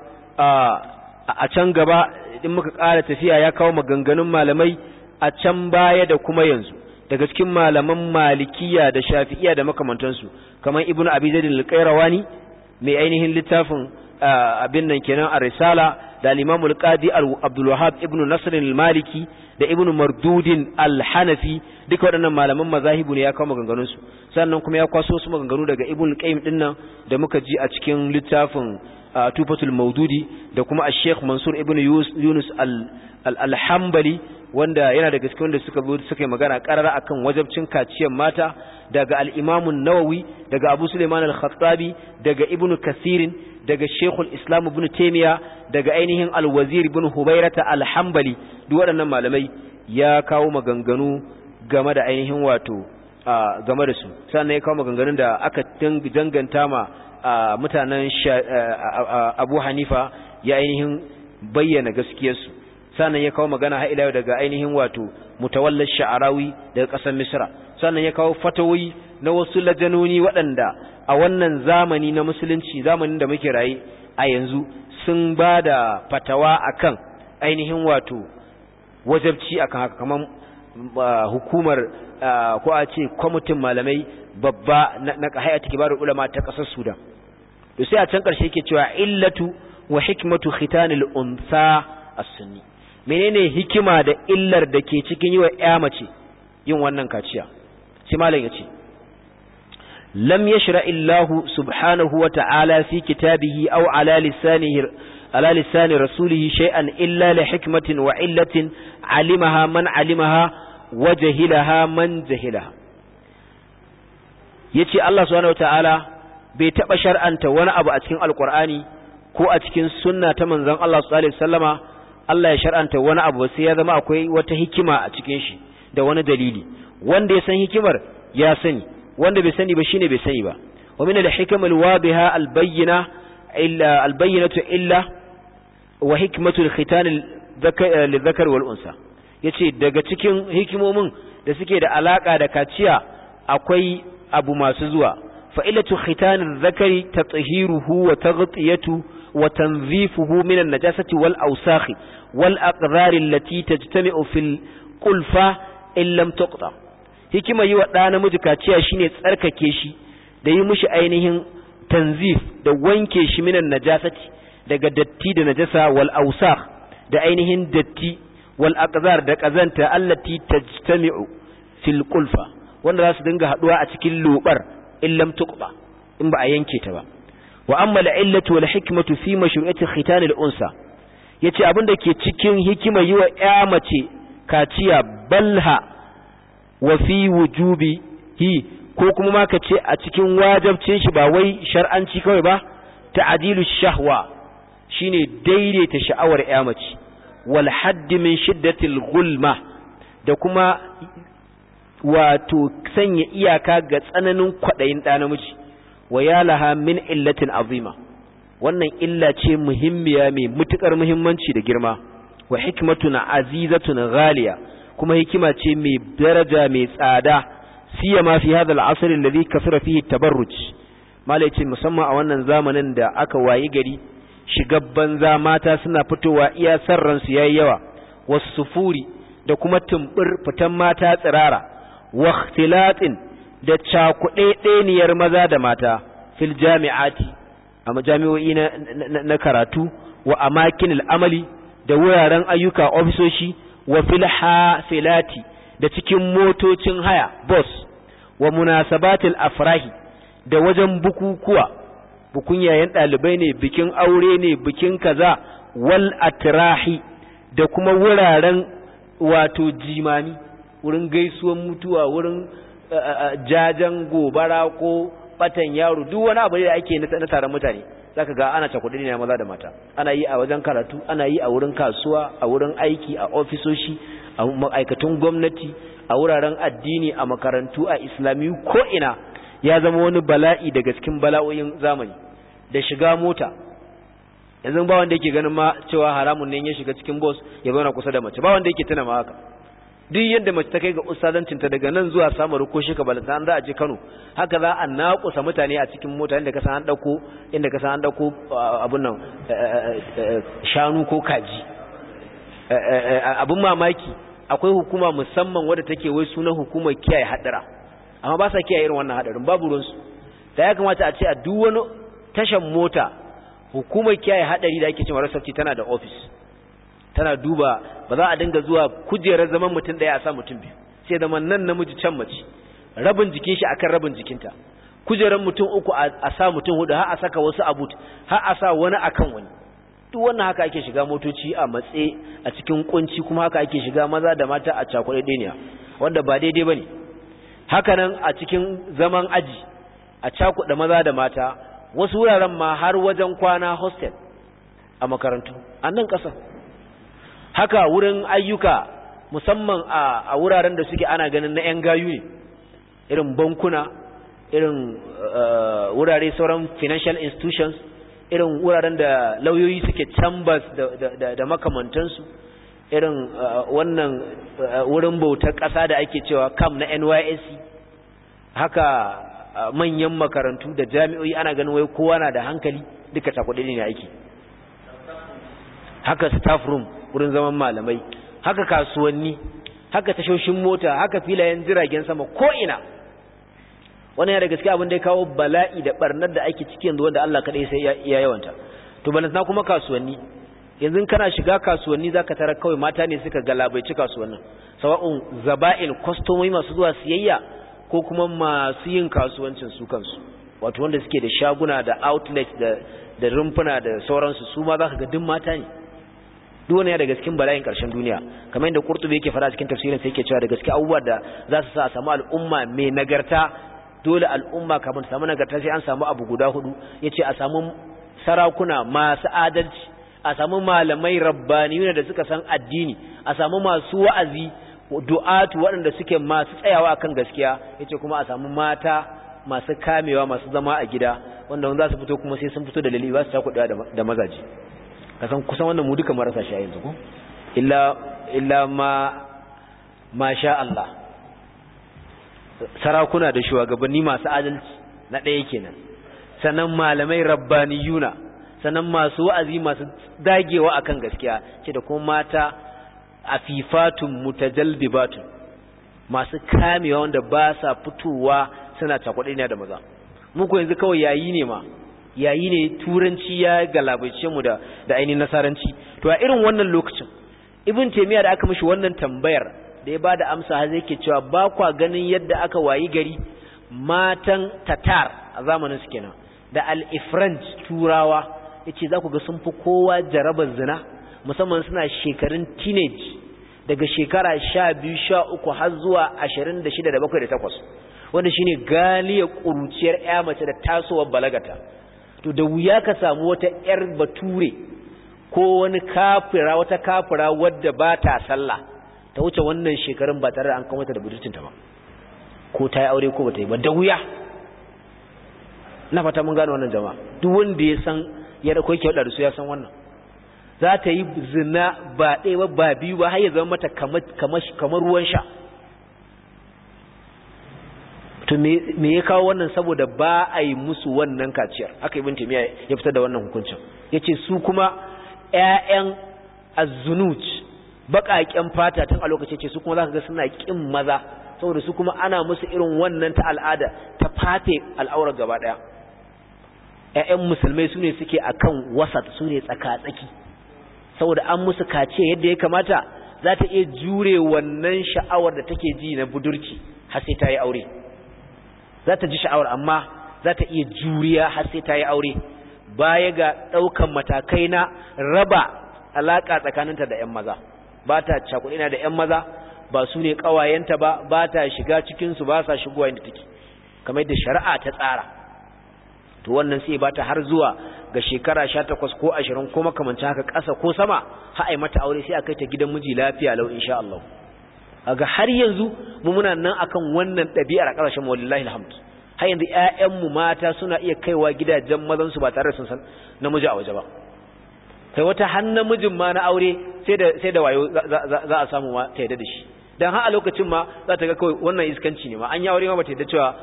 a can gaba in muka ƙara tafiya ya kawo maganganun malamai a can baya da kuma yanzu daga cikin malaman malikiya da shafi'iya da makamantansu kamar Ibn abi zaid al-qayrawani mai ainihin littafin abin nan kenan a risala da al-imam al-qadi abdul wahhab ibnu nasr maliki da Ibn mardudin al-hanafi duka waɗannan malaman mazahibu ne ya kawo maganganun su sannan kuma ya kwaso su maganganu daga Ibn qayyim dinnan da muka ji a cikin littafin tufatul maududi da kuma a sheikh mansur ibn yunus al-hambali wanda yana daga cikin wanda suka zo suka yi magana karara akan wajabcin kaciyar mata daga al an nawawi daga abu suleiman al-khattabi daga ibn kasirin daga shekul islam ibn Temiya daga ainihin al-wazir ibn hubairata al-hambali duk waɗannan malamai ya kawo maganganu game da ainihin wato game da su sannan ya kawo maganganun da aka danganta ma mutanen abu hanifa ya ainihin bayyana gaskiyarsu sannan ya kawo magana ha'ilawa daga ainihin wato mutawallar sha'arawi daga ƙasar misra sanan ya kawo fatawoyi na wasu lajanoni waɗanda a wannan zamani na musulunci zamanin da muke raye a yanzu sun ba da fatawa akan ainihin wato wajabci akan haka kamar hukumar ko a ce kwamitin malamai babba na hayati kibarar ulama ta ƙasar sudan to sai a can karshe ke cewa illatu wa hikmatu khitanil untha as-sunni menene hikima da illar da ke cikin yi wa ya mace yin wannan kaciya sai malam yace lam yashra illahu subhanahu wa ta'ala fi kitabihi aw ala lisanihi ala lisani rasulihi shay'an illa li hikmatin wa illatin alimaha man alimaha wa jahilaha man jahilaha yace Allah subhanahu wa ta'ala bai taɓa shar'anta wani abu a cikin alkur'ani ko a cikin sunna ta manzon Allah sallallahu alaihi wasallama Allah ya shar'anta wani abu sai ya zama akwai wata hikima a cikin shi da wani dalili wanda ya san hikimar ya sani wanda bai sani ba shine bai sani ba wa min al-hikam al-wadiha al-bayyina illa al-bayyinatu illa wa hikmatu al-khitan lidhakar wal unsa yace daga cikin hikimomin da suke da alaka da kaciya akwai abu masu zuwa fa'ilatu khitanin zakari ta tsahiruhu wa ta zatsiyatu wa tanzifuhu minan najasati wal ausakhi wal aqrarin lati tajtami'u fil in lam hikima yi wa ɗa namiji kaciya shine tsarkake shi da yi mushi ainihin tanzif da wanke shi minan najasati daga datti da najasa wal ausakh da ainihin datti wal aqzar da ƙazanta allati tajtami'u fil qulfa wanda za su dinga haɗuwa a cikin lobar in lam tuqba in ba a yanke ta ba wa amma al-illatu wal hikmatu fi mashru'ati khitan al-unsa yace abinda ke cikin hikima yi wa ya mace kaciya balha wa fi wujubi hi ko kuma ma ka ce a cikin wajabcin shi ba wai shar'anci kawai ba ta'dilu shahwa shine daidaita sha'awar ya mace wal min shiddatil gulma da kuma wato sanya iyaka ga tsananin kwaɗayin ɗa namiji wa ya laha min illatin azima wannan illa ce muhimmiya mai mutukar muhimmanci da girma wa hikmatuna azizatun ghaliya kuma hikima ce mai daraja mai tsada siya ma fi hadha al-asr alladhi kasara fihi tabarruj malai ce musamman a wannan zamanin da aka wayi gari shiga banza mata suna fitowa iya sarran su yayi yawa wasufuri da kuma tumbur fitan mata tsirara wa da cakuɗeɗeniyar maza da mata fil jami'ati a majami'o'i na karatu wa amakin al'amali da wuraren ayyuka ofisoshi wa fil hafilati da cikin motocin haya bus wa munasabatil afrahi da wajen bukukuwa bukun yayin ɗalibai ne bikin aure ne bikin kaza wal atrahi da kuma wuraren wato jimami wurin gaisuwan mutuwa wurin jajen gobara ko batan yaro duk wani abu da ake na taron mutane zaka ga ana cakuɗi ne maza da mata ana yi a wajen karatu ana yi a wurin kasuwa a wurin aiki a ofisoshi a ma'aikatan gwamnati a wuraren addini a makarantu a islamiyu ko ina ya zama wani bala'i daga cikin bala'o'in zamani da shiga mota yanzu ba wanda yake ganin ma cewa haramun ne ya shiga cikin bus ya zauna kusa da mace ba wanda yake tuna ma haka duk yadda mace ta kai ga ustazancinta daga nan zuwa samun shi ka balanta an za a je Kano haka za a naƙusa mutane a cikin mota inda ka an dauko inda ka an dauko uh, abun nan uh, uh, shanu ko kaji abun mamaki akwai hukuma musamman wadda take wai sunan hukumar kiyaye hadara amma ba sa kiyaye irin wannan hadarin babu ruwan su da ya kamata a ce a duk wani tashan mota hukumar kiyaye hadari da ake cewa safety tana da ofis. tana duba ba za a dinga zuwa kujerar zaman mutum daya a sa mutum biyu sai zama nan namiji can mace rabin jikin shi akan rabin jikinta kujerar mutum uku a sa mutum hudu har a saka wasu abut har a sa wani akan wani duk wannan haka ake shiga motoci a matse a cikin kunci kuma haka ake shiga maza da mata a cakuɗe ɗaniya wanda ba daidai bane haka nan a cikin zaman aji a cakuɗe maza da mata wasu wuraren ma har wajen kwana hostel a makarantu a nan haka wurin ayyuka musamman a wuraren da suke ana ganin na 'yan gayu ne irin bankuna irin eh, wurare sauran financial institutions irin wuraren da lauyoyi suke chambers da makamantansu irin eh, wannan eh, wurin bautar ƙasa da ake cewa kam na nysc haka manyan makarantu da jami'oyi ana ganin wai kowa na da hankali duka takwadini ne aiki haka staff room wurin zaman malamai haka kasuwanni haka tashoshin mota haka filayen jiragen sama ko ina wannan yana da gaske abin da ya kawo bala'i da barnar da ake ciki yanzu wanda Allah kadai sai ya yawanta to na kuma kasuwanni yanzu kana shiga kasuwanni zaka tarar kawai mata ne suka galabaici kasuwannin sawa'un zaba'il kwastomomi masu zuwa siyayya ko kuma masu yin kasuwancin su kansu wato wanda suke da shaguna da outlet da rumfuna da sauransu su ma za ka ga duk mata ne duk ya daga cikin bala'in karshen duniya kamar yadda Qurtubi yake fara cikin tafsirin sai yake cewa daga cikin abubuwa da za su sa a samu al'umma mai nagarta dole al'umma kafin samu nagarta sai an samu abu guda hudu ce a samu sarakuna masu adalci a samu malamai yuna da suka san addini a samu masu wa'azi du'atu waɗanda suke masu tsayawa kan gaskiya ce kuma a samu mata masu kamewa masu zama a gida wanda wanda za su fito kuma sai sun fito da laliba su ta da mazaji Ka san kusan wannan mu duka marasa shi a yanzu ko illa illa ma ma sha Allah sarakuna da shugabanni masu adalci na ɗaya kenan Sanan malamai rabbaniyuna sanan masu wa'azi masu dagewa akan gaskiya ce da kuma mata afifatun mutajaldibatun masu kamewa wanda ba sa fitowa suna cakuɗe da maza muku yanzu kawai yayi ne ma yayi ne turanci ya galabace mu da da ainihin nasaranci to a irin wannan lokacin ibn taymiya da aka mishi wannan tambayar da ya bada amsa har yake cewa ba kwa ganin yadda aka wayi gari matan tatar a zamanin su kenan da al-ifranj turawa yace za ku ga sun fi kowa jarabar zina musamman suna shekarun teenage daga shekara sha biyu har zuwa ashirin da shida da bakwai wanda shine galiya ƙuruciyar ya mace da tasowar balagata to da wuya ka samu wata yar bature ko wani kafira wata kafira wadda ba ta sallah ta wuce wannan shekarun ba tare da an kamata da budurcinta ba ko ta yi aure ko ba ta yi ba da wuya na fata mun gane wannan jama'a duk wanda ya san ya da koyke da su ya san wannan za ta yi zina ba ɗaya ba biyu ba har ya zama mata kamar ruwan sha to me ya kawo wannan saboda ba a yi musu wannan kaciyar aka yi miya ya fitar da wannan hukuncin ya ce su kuma 'ya'yan azunuj baƙaƙen fata tun a lokacin ce su kuma za ka ga suna ƙin maza saboda su kuma ana musu irin wannan ta al'ada ta fafe al'aurar gaba ɗaya 'ya'yan musulmai su ne suke a kan wasat su ne tsaka-tsaki saboda an musu kaciyar yadda ya kamata za ta iya jure wannan sha'awar da take ji na budurci har sai ta yi aure za ta ji sha'awar amma za ta iya juriya har sai ta yi aure baya ga ɗaukan matakai na raba alaƙa tsakaninta da 'yan maza ba ta cakuɗina da 'yan maza ba su ne ƙawayenta ba ba ta shiga cikinsu ba sa shigowa inda take kamar da shari'a ta tsara to wannan sai ba ta har zuwa ga shekara sha takwas ko ashirin ko makamancin haka ƙasa ko sama ha'ai mata aure sai a kai ta gidan miji lafiya lau insha Allah aga har yanzu mu muna nan akan wannan dabi'ar a ƙasashen wallahi alhamdu har yanzu mu mata suna iya kaiwa gidajen mazan su ba tare da sun san namiji a waje ba Sai wata hannan namijin ma na aure sai da sai da wayo za a samu ma ta da shi dan har a lokacin ma za ta ga kawai wannan iskanci ne ma an yi aure ma ba ta yadda cewa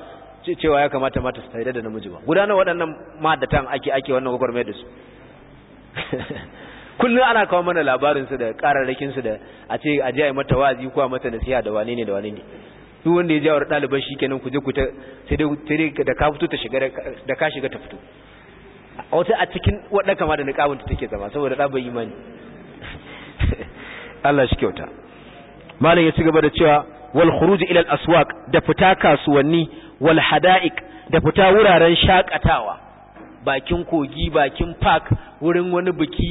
cewa ya kamata mata su da namiji ba gudanar waɗannan mahaddatan ake ake wannan gwagwarmayar da su kullum ana kawo mana labarin su da kararrakin su da a ce a ji a mata wazi ko a mata nasiha da wane ne da wane ne duk wanda ya jawar ɗaliban shi kenan ku je ku ta sai dai da ka fito ta shiga da ka shiga ta fito wata a cikin wadda kama da niqabin ta take zama saboda ɗaban imani Allah shi kyauta malam ya ci gaba da cewa wal khuruj ila al aswaq da fita kasuwanni wal hada'iq da fita wuraren shakatawa bakin kogi bakin park wurin wani biki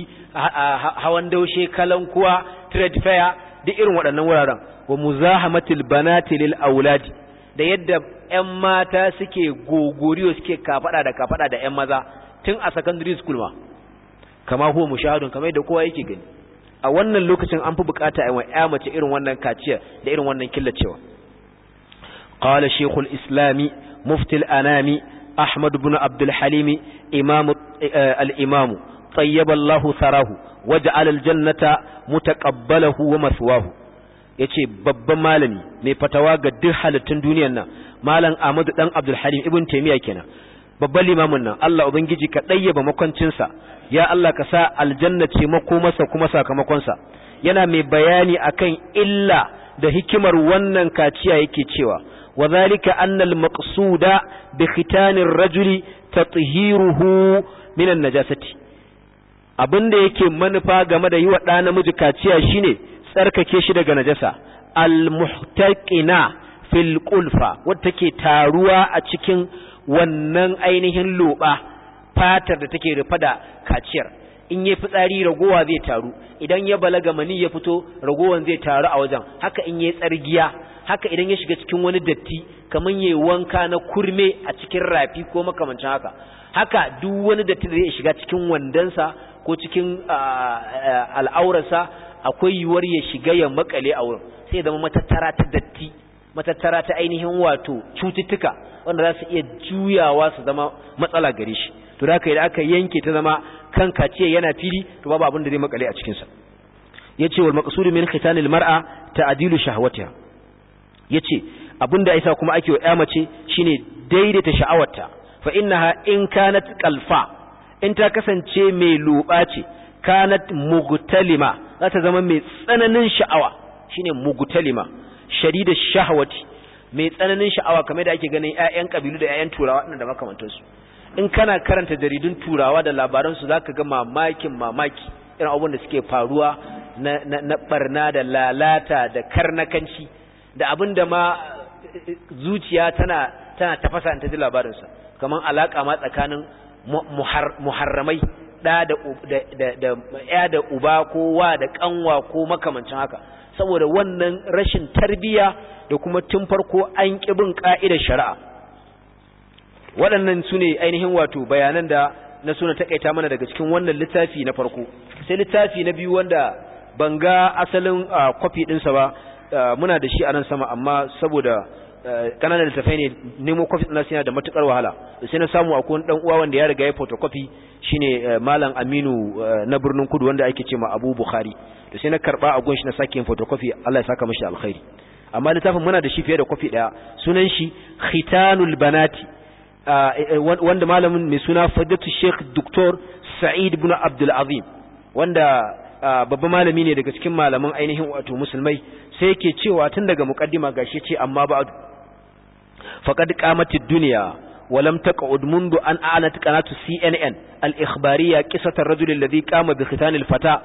hawan daushe kalankuwa trade fair da irin waɗannan wuraren wa muzahamatil banati lil auladi da yadda ƴan mata suke gogoriyo suke kafada da kafada da ƴan maza tun a secondary school ma kama huwa mushahadun kamar yadda kowa yake gani a wannan lokacin an fi bukata a ƴa mace irin wannan kaciya da irin wannan killacewa qala shaykhul islami muftil anami أحمد بن عبد الحليم إمام الإمام طيب الله ثراه وجعل الجنة متقبله ومثواه yace babban malami mai fatawa ga duk halittun duniyar nan malam Ahmadu dan Abdul Halim ibn Taymiya kenan babban limamin nan Allah ubangiji ka dayyaba makwancinsa ya Allah ka sa aljanna ce makomarsa kuma sakamakonsa yana mai bayani akan illa da hikimar wannan kaciya yake cewa وذلك أن المقصود بختان الرجل تطهيره من النجاسة abin da yake manufa game da yi wa ɗa namiji kaciya shine tsarkake shi daga najasa al-muhtaqina fil qulfa wadda take taruwa a cikin wannan ainihin loba fatar da take rufe da kaciyar in yi fitsari ragowa zai taru idan ya balaga mani ya fito ragowan zai taru a wajen haka in yi tsargiya haka idan ya shiga cikin wani datti kamar yayi wanka na kurme a cikin rafi ko makamancin haka haka duk wani datti da ya shiga cikin wandansa ko cikin al'aurarsa akwai yiwuwar ya shiga ya makale a wurin sai zama matattara ta datti matattara ta ainihin wato cututtuka wanda za su iya juyawa su zama matsala gare shi to da aka yi da aka yanke ta zama kan kaciya yana fili to babu abin da zai makale a cikinsa ya ce wal maqsudu min khitanil mar'a ta'dilu shahwatiha Ya ce abin da sa kuma ake wa ya mace shine daidaita sha'awarta fa innaha in kanat kalfa in ta kasance mai luɓa ce kanat mugtalima za ta zama mai tsananin sha'awa shine mugtalima shadida shahawati mai tsananin sha'awa kamar da ake ganin yayan kabilu da ƴaƴan turawa da makamantansu in kana karanta jaridun turawa da labaransu za ka ga mamakin mamaki irin abubuwan da suke faruwa na, ɓarna da lalata da karnakanci da abin da ma zuciya tana tana tafasa in ta ji labarinsa kamar alaƙa ma tsakanin muharramai ɗa da ya da uba ko wa da ƙanwa ko makamancin haka saboda wannan rashin tarbiya da kuma tun farko an ƙi bin ƙa'idar shari'a waɗannan su ne ainihin wato bayanan da na suna taƙaita mana daga cikin wannan littafi na farko sai littafi na biyu wanda ban ga asalin ah, kwafi ɗinsa ba Eh, muna da shi a nan sama amma saboda eh, ƙananan littafai ne nemo kofi na yana da matukar wahala sai na samu a akwai dan uwa wanda ya riga ya photocopy shine eh, malam Aminu na birnin Kudu wanda ake ma Abu Bukhari da sai na karba a gunshi na sake photocopy Allah ya saka mashi alkhairi amma littafin muna da shi fiye da kwafi daya sunan shi Khitanul Banati wanda malamin mai suna Fadlatu Sheikh doktor Sa'id ibn Abdul Azim wanda babban malami ne daga cikin malaman ainihin wato musulmai sai yake cewa tun daga muqaddima gashi ce amma ba faqad qamatid dunya wa lam an a'lanat qanatu CNN al-ikhbariyya qissat ar-rajul alladhi qama bi khitan al-fata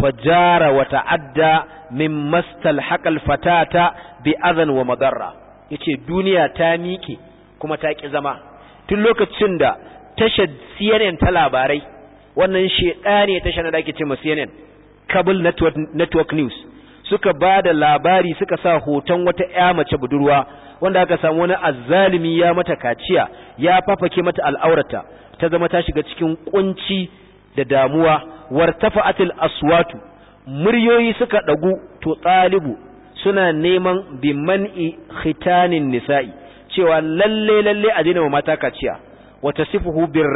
fajara wa ta'adda min mastal haqa al-fatata bi adhan wa madarra yace duniya ta mike kuma ta ki zama tun lokacin da tashar CNN ta labarai wannan ne ta shana da ake ce CNN yanayin network, network news suka ba da labari suka sa hoton wata ya mace budurwa wanda aka samu wani azzalimi ya mata kaciya ya fafake mata al'aurata ta zama ta shiga cikin kunci da damuwa wartafa'atil aswatu muryoyi suka dagu to talibu suna neman bi man'i khitanin nisa'i cewa lalle lalle a daina mata kaciya wata sifuhu bir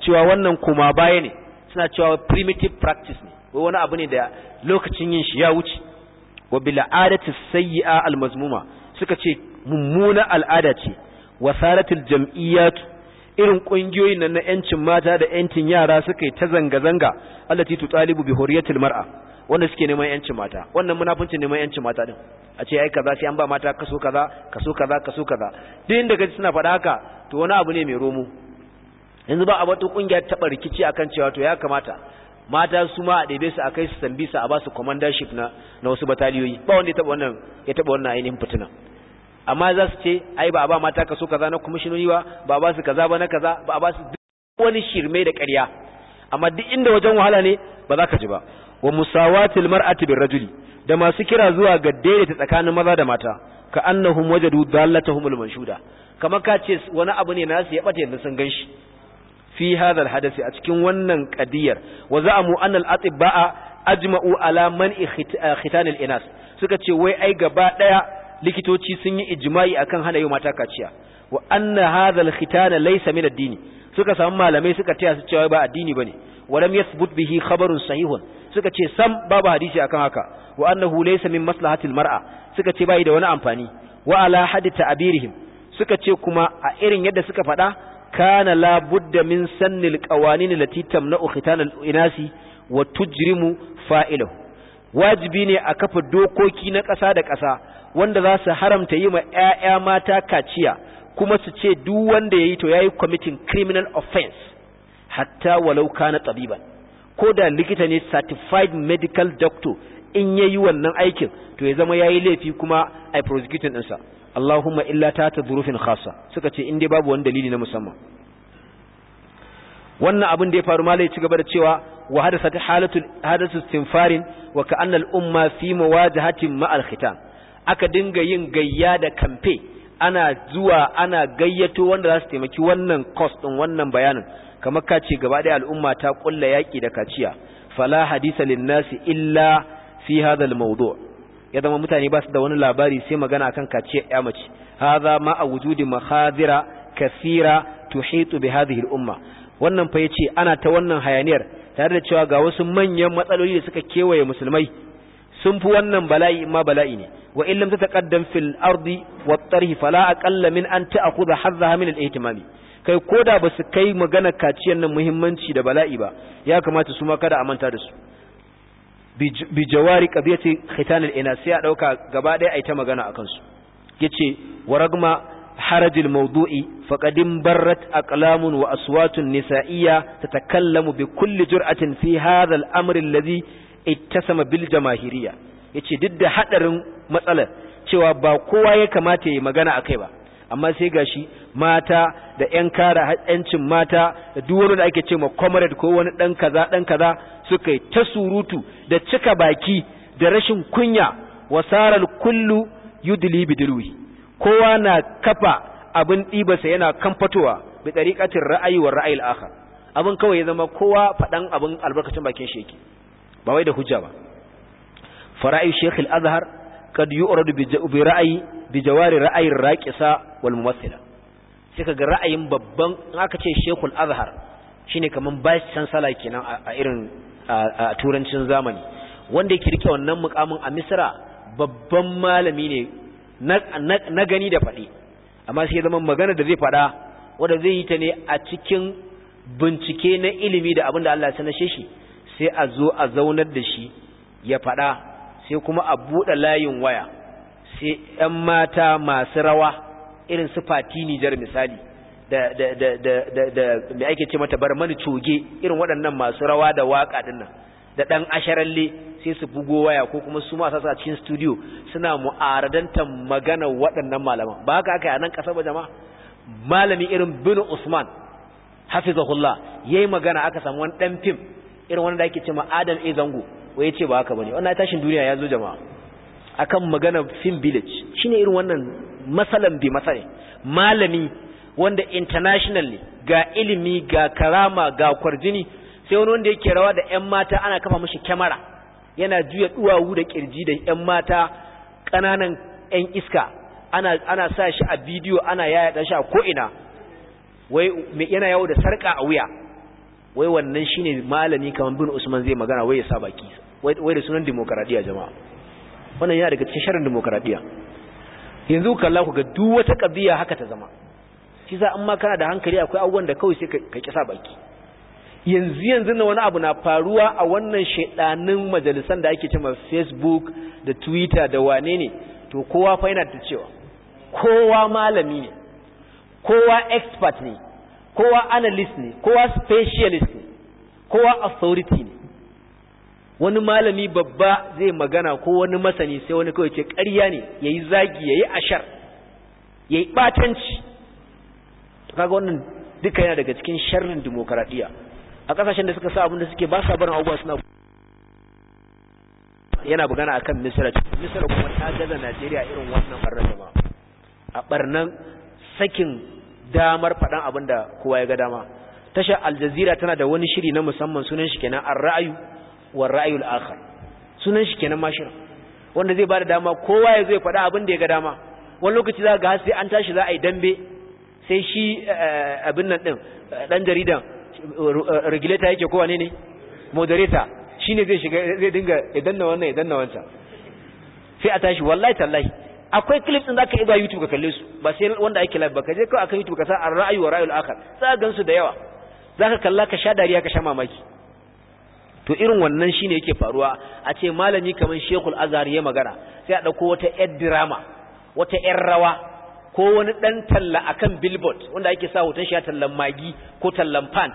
cewa wannan koma baya ne suna cewa primitive practice ne wai wani abu ne da lokacin yin shi ya wuce wa bil adati sayyi'a al mazmuma suka ce mummuna al'ada ce wasaratul jam'iyyat irin kungiyoyin nan na yancin mata da yancin yara suka yi ta zanga zanga allati tutalibu bi huriyatil mar'a wanda suke neman yancin mata wannan munafincin neman yancin mata din a ce ai kaza sai an ba mata kaso kaza kaso kaza kaso kaza duk inda gaji suna faɗa haka to wani abu ne mai romo yanzu ba a wata kungiya taɓa rikici akan cewa to ya kamata mata su ma a ɗebe su a kai su sambisa a ba su commandership na na wasu bataliyoyi ba wanda ya taɓa wannan ya taɓa wannan ainihin fitina amma za su ce ai ba a ba mata kaso kaza na kwamishinoni ba ba ba su kaza ba na kaza ba a ba su wani shirme da ƙarya amma duk inda wajen wahala ne ba za ka ji ba wa musawatil mar'ati bir rajuli da masu kira zuwa ga ta tsakanin maza da mata ka annahum wajadu dallatahumul manshuda kamar ka ce wani abu ne nasu ya bata yanzu sun ganshi fi hadha hadasi a cikin wannan qadiyar wa za'amu anna al ajma'u ala man'i ah, khitan al-inas suka ce wai ai gaba daya likitoci sun yi ijma'i akan hana yau mata kaciya wa anna hadha al laysa min ad-dini suka samu malamai suka taya su cewa ba addini bane wa lam yathbut bihi khabarun sahihun suka ce sam babu hadisi akan haka wa annahu laysa min maslahatil mar'a suka ce bai da wani amfani wa ala hadi ta'birihim suka ce kuma a irin yadda suka faɗa kana la budda min sannil qawanin lati tamna'u khitan al-inasi wa tujrimu fa'ilahu wajibi ne a kafa dokoki na ƙasa da ƙasa wanda za su haramta yi ma ƴaƴa mata kaciya kuma su ce duk wanda yayi to yayi committing criminal offense hatta walau kana tsabiban ko da likita ne certified medical doctor in yayi wannan aikin to ya zama yayi laifi kuma a prosecuting ɗinsa Allahumma illa ta ta zurufin khasa suka ce in dai babu wani dalili na musamman wannan abin da ya faru malai ci gaba da cewa wa sati, halatu hadatu istinfarin wa ka'anna al-umma fi muwajahatin ma al-khitan aka dinga yin gayya da kamfe ana zuwa ana gayyato wanda za su taimaki wannan course din wannan bayanin kamar ka ce gaba ɗaya al'umma ta kulla yaki da kaciya fala hadisa lin nasi illa fi hadha al-mawdu' ya zama mutane ba su da wani labari sai magana akan kaciya ya mace hadha ma a wujudi mahadira kathira tuhitu bi hadhihi al-umma wannan fa yace ana ta wannan hayaniyar tare da cewa ga wasu manyan matsaloli da suka kewaye musulmai sun fi wannan bala'i ma bala'i ne wa in lam tataqaddam fil ardi wat fala aqalla min an ta'khudha hadhaha min al-ihtimami kai koda ba su kai magana kaciyar nan muhimmanci da bala'i ba ya kamata su ma kada a manta da su bi jawari qadiyati khitan al-ina sai a dauka gaba ɗaya ai ta magana akan su yace waragma harajil mawdu'i faqadim barrat aqlamun wa aswatun nisa'iyya tatakallamu bi kulli jur'atin fi hadha al-amr alladhi ittasama bil jamaahiriyya yace duk da hadarin matsalar cewa ba kowa ya kamata ya magana akai ba amma sai gashi mata da yan har haƙƙancin mata da duk wani da ake ce ma comrade ko wani ɗan kaza ɗan kaza suka yi ta surutu da cika baki da rashin kunya wasaral kullu yudli bidirwi. kowa na kafa abin ɗibarsa yana kan fatowa bi tsariƙatin ra'ayi wa ra'ayi akhar abin kawai ya zama kowa faɗan abin albarkacin bakin sheki ba wai da hujja ba fara'i shekhil azhar kad yu'radu bi ra'ayi bi jawari ra'ayin raqisa wal mumathila sai ka ga ra'ayin babban in aka ce shekul azhar shine kaman bashi sala kenan a irin a turancin zamani wanda ya rike wannan mukamin a misra babban malami ne na gani da faɗi amma sai zama magana da zai faɗa wanda zai yi ta ne a cikin bincike na ilimi da abin da Allah ya sanashe shi sai a zo a zaunar da shi ya faɗa sai kuma a buɗe layin waya sai ‘yan mata masu rawa irin su fati nijar misali da da me ake ce mata bar mani coge irin waɗannan masu rawa da waka dinnan da dan asharalle sai su bugo waya ko kuma su ma a cikin studio suna mu'aradanta magana waɗannan malaman ba haka aka yi a nan ƙasar ba jama'a malami irin bin usman hafizahullah yayi magana aka samu wani dan fim irin wanda ake ce ma adam a zango wai ce ba haka bane wannan tashin duniya ya zo jama'a akan magana fim village shine irin wannan masalan bi masalin malami wanda international ga ilimi ga karama ga kwarjini sai wani wanda yake rawa da ƴan mata ana kafa mishi kyamara yana juya duwawu da kirji da ƴan mata ƙananan ƴan iska ana ana sa shi a bidiyo ana yaya shi a ko'ina wai yana yawo da sarka a wuya wai wannan shine malami kamar bin Usman zai magana wai ya sa baki wai da sunan demokradiya jama'a wannan yana daga cikin sharrin demokradiya yanzu kalla ku ga duk wata kabiya haka ta zama shi za amma kana da hankali akwai abubuwan da kawai sai ka kisa baki yanzu yanzu na wani abu na faruwa a wannan shaidanin majalisan da ake cewa Facebook da Twitter da wane ne to kowa fa yana da cewa kowa malami ne kowa expert ne kowa analyst ne kowa specialist ne kowa authority ne wani malami babba zai magana ko wani masani sai wani kawai ce ƙarya ne ya yi zagi ya yi ashar ya yi batanci kaga wannan duka yana daga cikin sharrin demokradiya a ƙasashen da suka sa abin da suke ba sa barin abubuwa suna yana magana akan misira misira kuma ta gaza najeriya irin wannan barna zama a barnan sakin damar faɗan abin da kowa ya ga dama tashar aljazira tana da wani shiri na musamman sunan shi kenan an ra'ayu wa ra'ayul akhar sunan shi kenan mashir wanda zai bada dama kowa ya zo ya faɗa abin da ya ga dama wani lokaci za ga sai an tashi za a yi dambe sai shi eh, abin nan din dan eh, jaridan regulator yake kowa ne ne moderator shine zai shiga zai dinga ya danna wannan ya danna wancan sai a tashi wallahi tallahi akwai clips din zaka iya YouTube ka kalle su ba sai wanda ake live ba ka je kawai akan YouTube ka sa ar-ra'yu wa ra'yul akhar za ka gansu da yawa zaka kalla ka sha dariya ka sha mamaki to irin wannan shine yake faruwa a ce malami kaman shekul Azhar ya magana sai a dauko wata ƴar drama wata ƴar rawa ko wani dan talla akan billboard wanda ake sa hoton shi a tallan magi ko tallan pant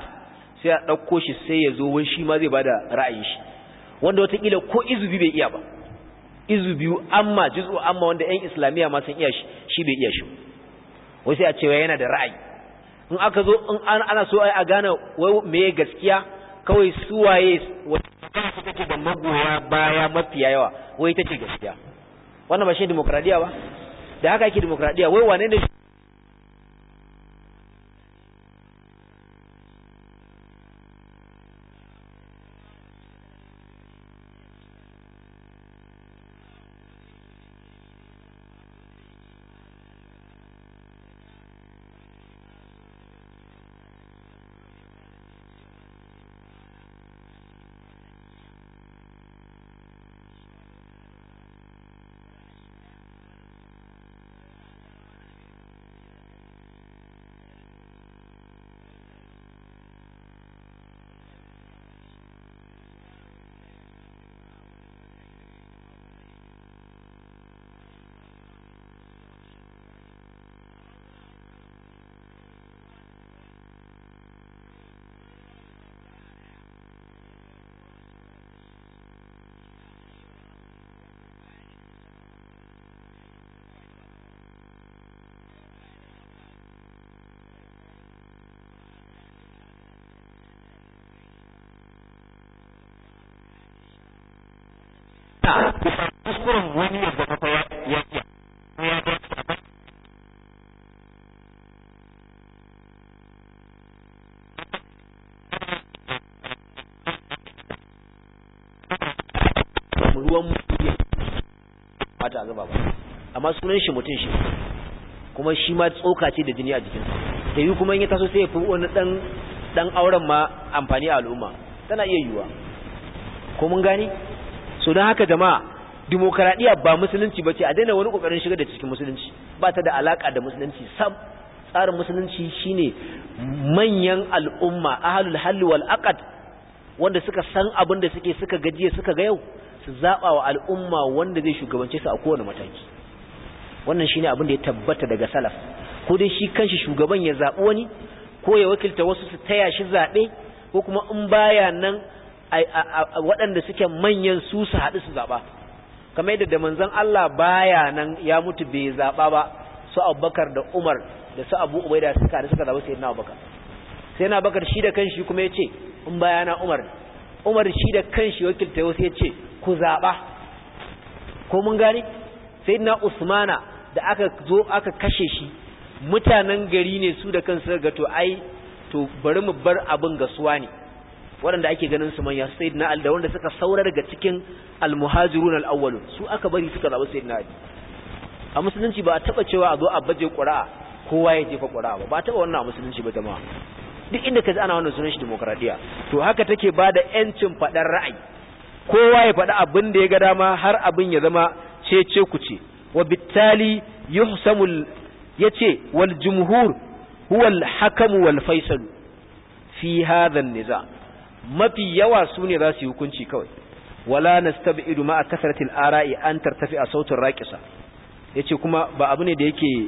sai a dauko shi sai ya zo wani shi ma zai bada ra'ayin shi wanda wata kila ko izubi bai iya ba izubi amma juz'u amma wanda ƴan islamiya ma sun iya shi shi bai iya shi wai sai a cewa yana da ra'ayi in aka zo in ana so a gane wai me gaskiya kawai suwaye wata su take da magoya baya mafiya yawa wai ta ce gaskiya wannan ba shi demokradiya ba da haka yake demokradiya wai wane ne fata a zuba amma sunan shi mutum shi kuma shi ma tsoka ce da jini a jikin ta yi kuma ya taso sai ya fi wani dan dan auren ma amfani a al'umma tana iya yiwuwa ko mun gane so don haka jama'a dimokuraɗiyya ba musulunci ba ce a daina wani ƙoƙarin shiga da cikin musulunci ba ta da alaka da musulunci sam tsarin musulunci shine manyan al'umma ahalul halli wal aqd wanda suka san abin da suke suka gajiya suka ga yau su zaɓa wa al'umma wanda zai shugabance su a kowane mataki wannan shine abin da ya tabbata daga salaf ko dai shi kanshi shugaban ya zaɓi wani ko ya wakilta wasu su taya shi zaɓe ko kuma in baya nan waɗanda suke manyan su su haɗu su zaɓa kamar yadda da manzon Allah baya nan ya mutu bai zaɓa ba su Abubakar da Umar da su Abu Ubaida suka da suka zaɓa sai na Abubakar sai na Abubakar shi da kanshi kuma ya ce in baya na Umar Umar shi da kanshi wakilta wasu ya ce ku zaɓa ko mun gani? sai na usmana da aka zo aka kashe shi mutanen gari ne su da kansu ga to ai to bari mu bar abin gasuwa ne waɗanda ake ganin su manya sai na al da wanda suka saura daga cikin almuhajirun al'awwalun su aka bari suka zaɓi sai na a musulunci ba a taɓa cewa a zo a baje ƙura'a kowa ya jefa ƙura'a ba ba a taɓa wannan a musulunci ba jama'a duk inda ka ji ana wannan sunan shi demokradiya to haka take ba da 'yancin faɗar ra'ayi kowa ya faɗi abin da ya ga dama har abin ya zama cece ku ce wa bittali yuhsamul yace wal jumhur huwa al hakam wal faisal fi hadha an niza mafi yawa su ne za su yi hukunci kawai wala nastab'idu ma kasratil ara'i an tartafi a sautin raqisa yace kuma ba abu ne da yake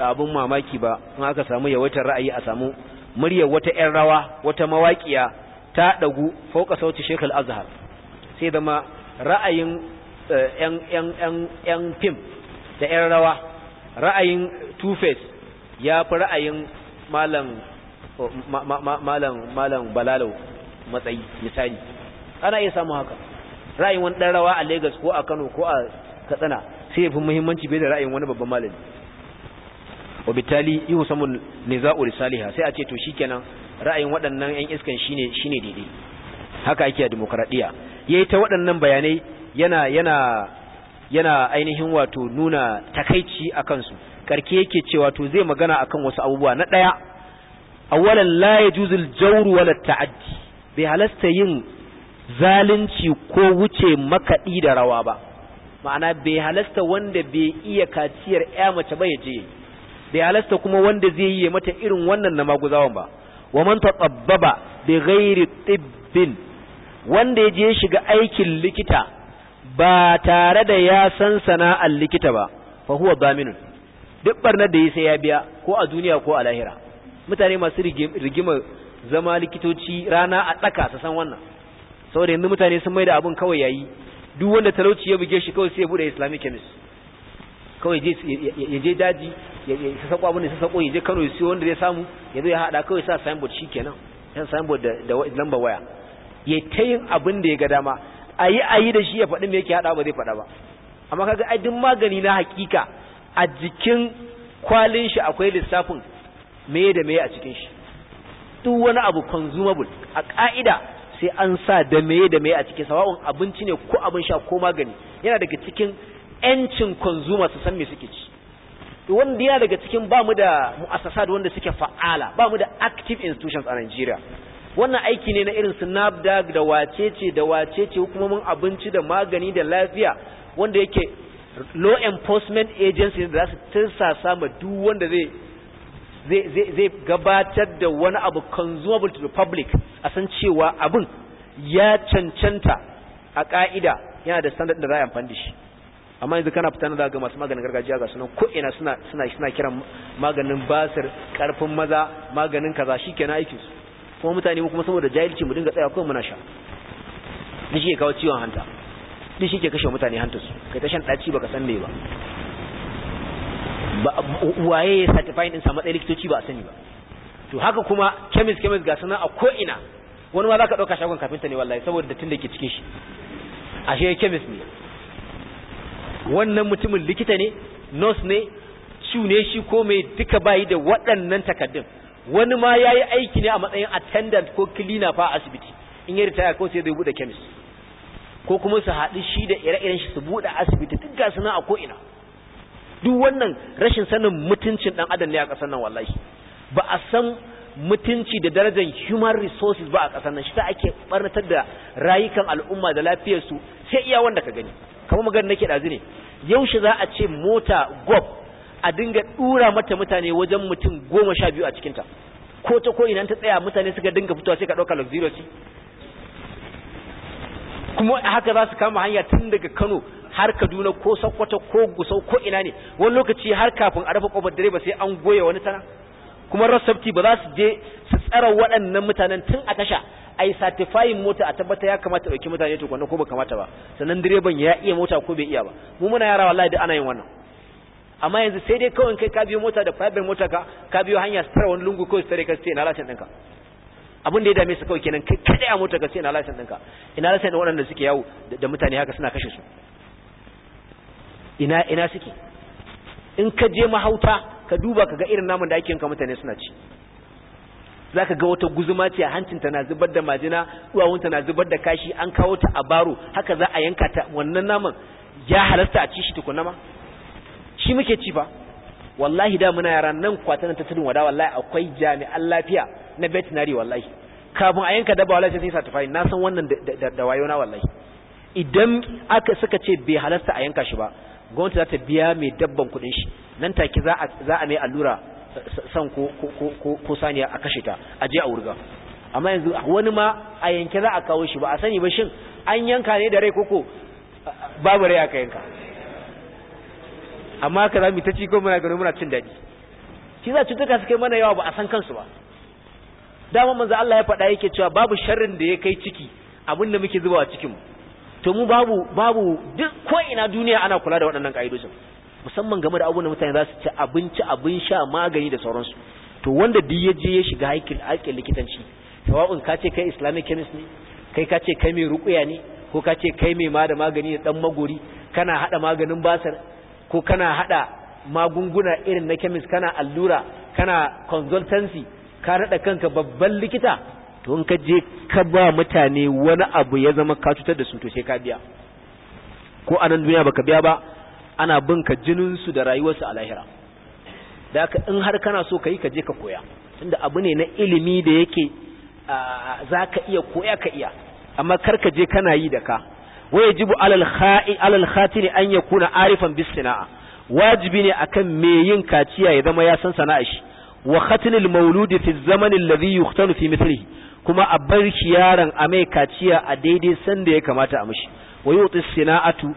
abun mamaki ba in aka samu yawaitar ra'ayi a samu muryar wata 'yar rawa wata mawaƙiya ta ɗagu fauka sauti Sheikh Al-Azhar sai zama ra'ayin yan eh, fim da yan rawa ra'ayin two-face ya fi ra'ayin malan oh, balalo matsayi misali ana iya samu haka ra'ayin wani ɗan rawa a lagos ko a Kano ko a Katsina sai fi muhimmanci bai da ra'ayin wani babban malami wa ihu samun niza'u risaliha sai a ce to kenan ra'ayin waɗannan 'yan iskan shine shine daidai haka ake a demokradiya yayi ta waɗannan bayanai yana yana yana ainihin wato nuna takaici akan su karke yake cewa to zai magana akan wasu abubuwa na daya awwalan la yajuzul jawr wala ta'addi bai halasta yin zalunci ko wuce makaɗi da rawa ba ma'ana bai halasta wanda bai iya kaciyar ya mace ba ya je bai halasta kuma wanda zai yi mata irin wannan na maguzawan ba wa man tatabbaba bi ghairi tibbin wanda ya je shiga aikin likita ba tare da ya san sana'ar likita ba fa huwa daminun duk barnar da yi sai ya biya ko a duniya ko a lahira mutane masu rigima zama likitoci rana a tsaka su san wannan saboda yanzu mutane sun mai da abin kawai yayi duk wanda talauci ya buge shi kawai sai ya bude islamic chemist kawai ya je daji ya sassaƙo abin da ya sassaƙo ya je kano ya siyo wanda zai samu yanzu ya haɗa kawai sa signboard shi kenan yan signboard da number waya ya ta yin abin da ya ga dama a yi a yi da shi ya faɗi mai yake haɗa ba zai faɗa ba amma kaga ai duk magani na hakika a jikin kwalin shi akwai lissafin me da me a cikin shi duk wani abu consumable a ka'ida sai an sa da me da me a cikin sawa'un abinci ne ko abin sha ko magani yana daga cikin yancin consumer su san me suke ci wanda yana daga cikin ba mu da mu'assasat wanda suke fa'ala bamu da active institutions a Najeriya wannan aiki ne na irin snapdag da wacece da wacece hukumomin abinci da magani da lafiya wanda yake law enforcement agency da su tirsasa ma duk wanda zai zai gabatar da wani abu consumable to the public a san cewa abin ya cancanta a ka'ida yana da standard da za a yi amfani da shi amma yanzu kana fita da ga masu maganin gargajiya ga sunan ko ina suna kiran maganin basir karfin maza maganin kaza shikenan aikin su kuma mutane mu kuma saboda jahilci mu dinga tsaya kawai muna sha duk shi ke kawo ciwon hanta duk shi ke kashe mutane hantarsu kai ta shan ɗaci baka san me ba waye ya certifying ɗinsa matsayin likitoci ba a sani ba to haka kuma chemist chemist ga suna a ko'ina wani ma zaka dauka ɗauka shagon kafinta ne wallahi saboda dattin da ke cikin shi ashe chemist ne wannan mutumin likita ne nurse ne cune shi ko mai duka bayi da waɗannan takaddun wani ma ya yi aiki ne a matsayin attendant ko cleaner fa asibiti in yi ritaya ko sai zai buɗe kemis ko kuma su haɗu shi da ire-iren shi su buɗe asibiti duk ga suna a ko'ina duk wannan rashin sanin mutuncin ɗan adam ne a ƙasar nan wallahi ba a san mutunci da darajar human resources ba a ƙasar nan shi ta ake ɓarnatar da rayukan al'umma da lafiyarsu sai iya wanda ka gani kamar magana nake ɗazu ne yaushe za a ce mota gob a dinga dura mata mutane wajen mutum goma sha biyu a cikinta ko ta ko ina ta tsaya mutane suka dinga fitowa sai ka ɗauka ci. kuma haka za su kama hanya tun daga kano har kaduna ko sokoto ko gusau ko ina ne wani lokaci har kafin a rafa kofar direba sai an goya wani tana kuma rasafti ba za su je su tsara waɗannan mutanen tun a tasha a yi satifayin mota a tabbata ya kamata ɗauki mutane tukwanda ko ba kamata ba sannan direban ya iya mota ko bai iya ba mu muna yara wallahi da ana yin wannan amma yanzu sai dai kawai kai ka biyo mota da fiber mota ka ka biyo hanya tsara wani lungu kawai tsare ka sai na lasin ɗinka abin da ya dame su kawai kenan kai kada a mota ka sai na lasin ɗinka ina lasin wannan waɗanda suke yawo da mutane haka suna kashe su ina ina suke in ka je mahauta ka duba ka ga irin namun da ake yanka mutane suna ci za ka ga wata guzuma ce hancinta na zubar da majina duwawunta na zubar da kashi an kawo ta a baro haka za a yanka ta wannan naman ya halasta a ci shi tukuna ma shi muke ci ba wallahi da muna yara nan kwatanan ta tudun wada wallahi akwai jami'an lafiya na veterinary wallahi kafin a yanka dabba wallahi sai sa tafai na san wannan da wayo na wallahi idan aka suka ce bai halarta a yanka shi ba gwamnati za ta biya mai dabban kuɗin shi nan take za a za a mai allura san ko ko ko saniya a kashe ta a je a wurga amma yanzu wani ma a yanke za a kawo shi ba a sani ba shin an yanka ne da rai koko babu rai aka yanka amma ka za mu ta ci ko muna gano muna cin daɗi shi za duka suke mana yawa ba a san kansu ba dama manzo Allah ya faɗa yake cewa babu sharrin da ya kai ciki abin da muke zubawa cikin to mu babu babu duk ko ina duniya ana kula da waɗannan kaidojin musamman game da abubuwan da mutane za su ci abinci abin sha magani da sauransu to wanda duk ya je ya shiga aikin aikin likitanci sawa'un ka ce kai islamic chemist ne kai ka ce kai mai ruƙuya ne ko ka ce kai mai ma da magani da dan magori kana hada maganin basar ko kana hada magunguna irin na kemis kana allura kana consultancy ka rada kanka babban likita to in ka je ka ba mutane wani abu ya zama ka cutar da su to sai ka biya ko anan duniya baka biya ba ana bin ka jinin su da rayuwarsu a lahira da ka in har kana so kai ka je ka koya tunda abu ne na ilimi da yake zaka ka iya koya ka iya amma kar ka je kana yi da ka wa yajibu alal kha'i alal khatini an yakuna arifan bis sana'a wajibi ne akan me yin kaciya ya zama ya san sana'a shi wa mauludi fi zaman alladhi yuhtanu fi mithlihi kuma a bar shi yaron a mai kaciya a daidai san da ya kamata a mishi wa yuti sana'atu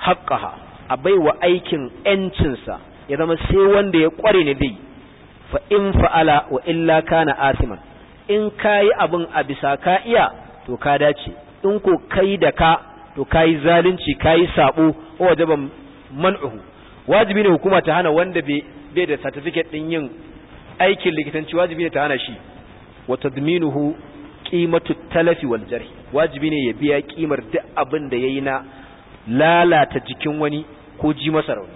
haqqaha a baiwa aikin yancinsa ya zama sai wanda ya kware ne dai fa in fa'ala wa illa kana asiman in kayi abin a bisa ka iya to ka dace in ko kai da ka to kayi zalunci kayi sabo o wajaban man'uhu wajibi ne hukuma ta hana wanda bai da certificate din yin aikin likitanci wajibi ne ta hana shi wa tadminuhu qimatu talafi wal jarh wajibi ne ya biya kimar duk abin da yayi na lalata jikin wani ko ji masa rauni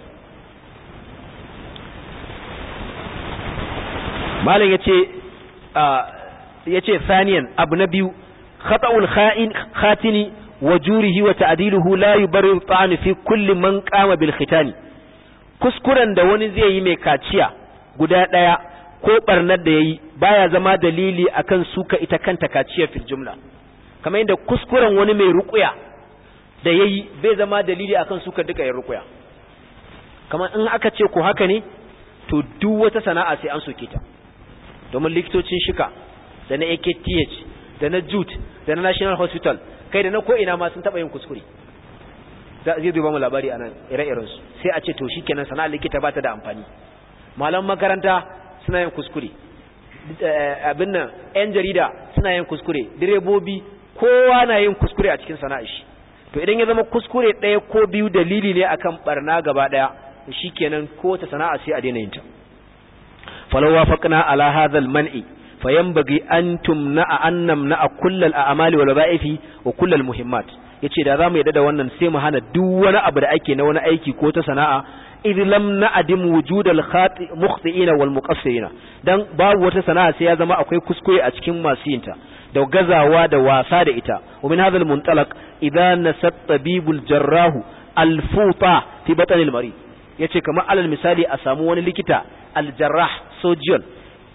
malam yace ah, yace saniyan abu na biyu khata'ul kha'in khatini wa jurihi wa ta'diluhu la yubarrir ta'an kulli man qama bil kuskuren da wani zai yi mai kaciya guda daya ko barnar da yayi baya zama dalili akan suka ita kanta kaciya fil jumla kamar yadda kuskuren wani mai ruqya da yayi bai zama dalili akan suka duka yayin ruqya kamar in aka ce ko haka ne to duk wata sana'a sai an soke ta domin likitocin shika da na AKTH da na JUT da na National Hospital kai da na ko'ina ma sun taba yin kuskure zai duba mu labari anan ire-iren su sai a ce to shikenan sana'ar likita ba da amfani malam makaranta suna yin kuskure eh, abin nan yan jarida suna yin kuskure direbobi kowa na yin kuskure a cikin sana'a shi to idan ya zama kuskure ɗaya ko biyu dalili ne akan barna gaba ɗaya shikenan ko ta sana'a sai a daina yin ta falawa faqna ala hadhal mani fayanbaghi an tumna annam na kullal a'mali wal ba'ifi wa kullal muhimmat yace da zamu yadda da wannan sai mu hana duk wani abu da ake na wani aiki ko ta sana'a idh lam na'dim wujudal khati mukhti'ina wal muqassirina dan babu wata sana'a sai ya zama akwai kuskure a cikin masu yinta da gazawa da wasa da ita wa min hadha al muntalaq idha nasat tabibul jarrahu al futa fi batn al marid yace kamar alal misali a samu wani likita al jarrah surgeon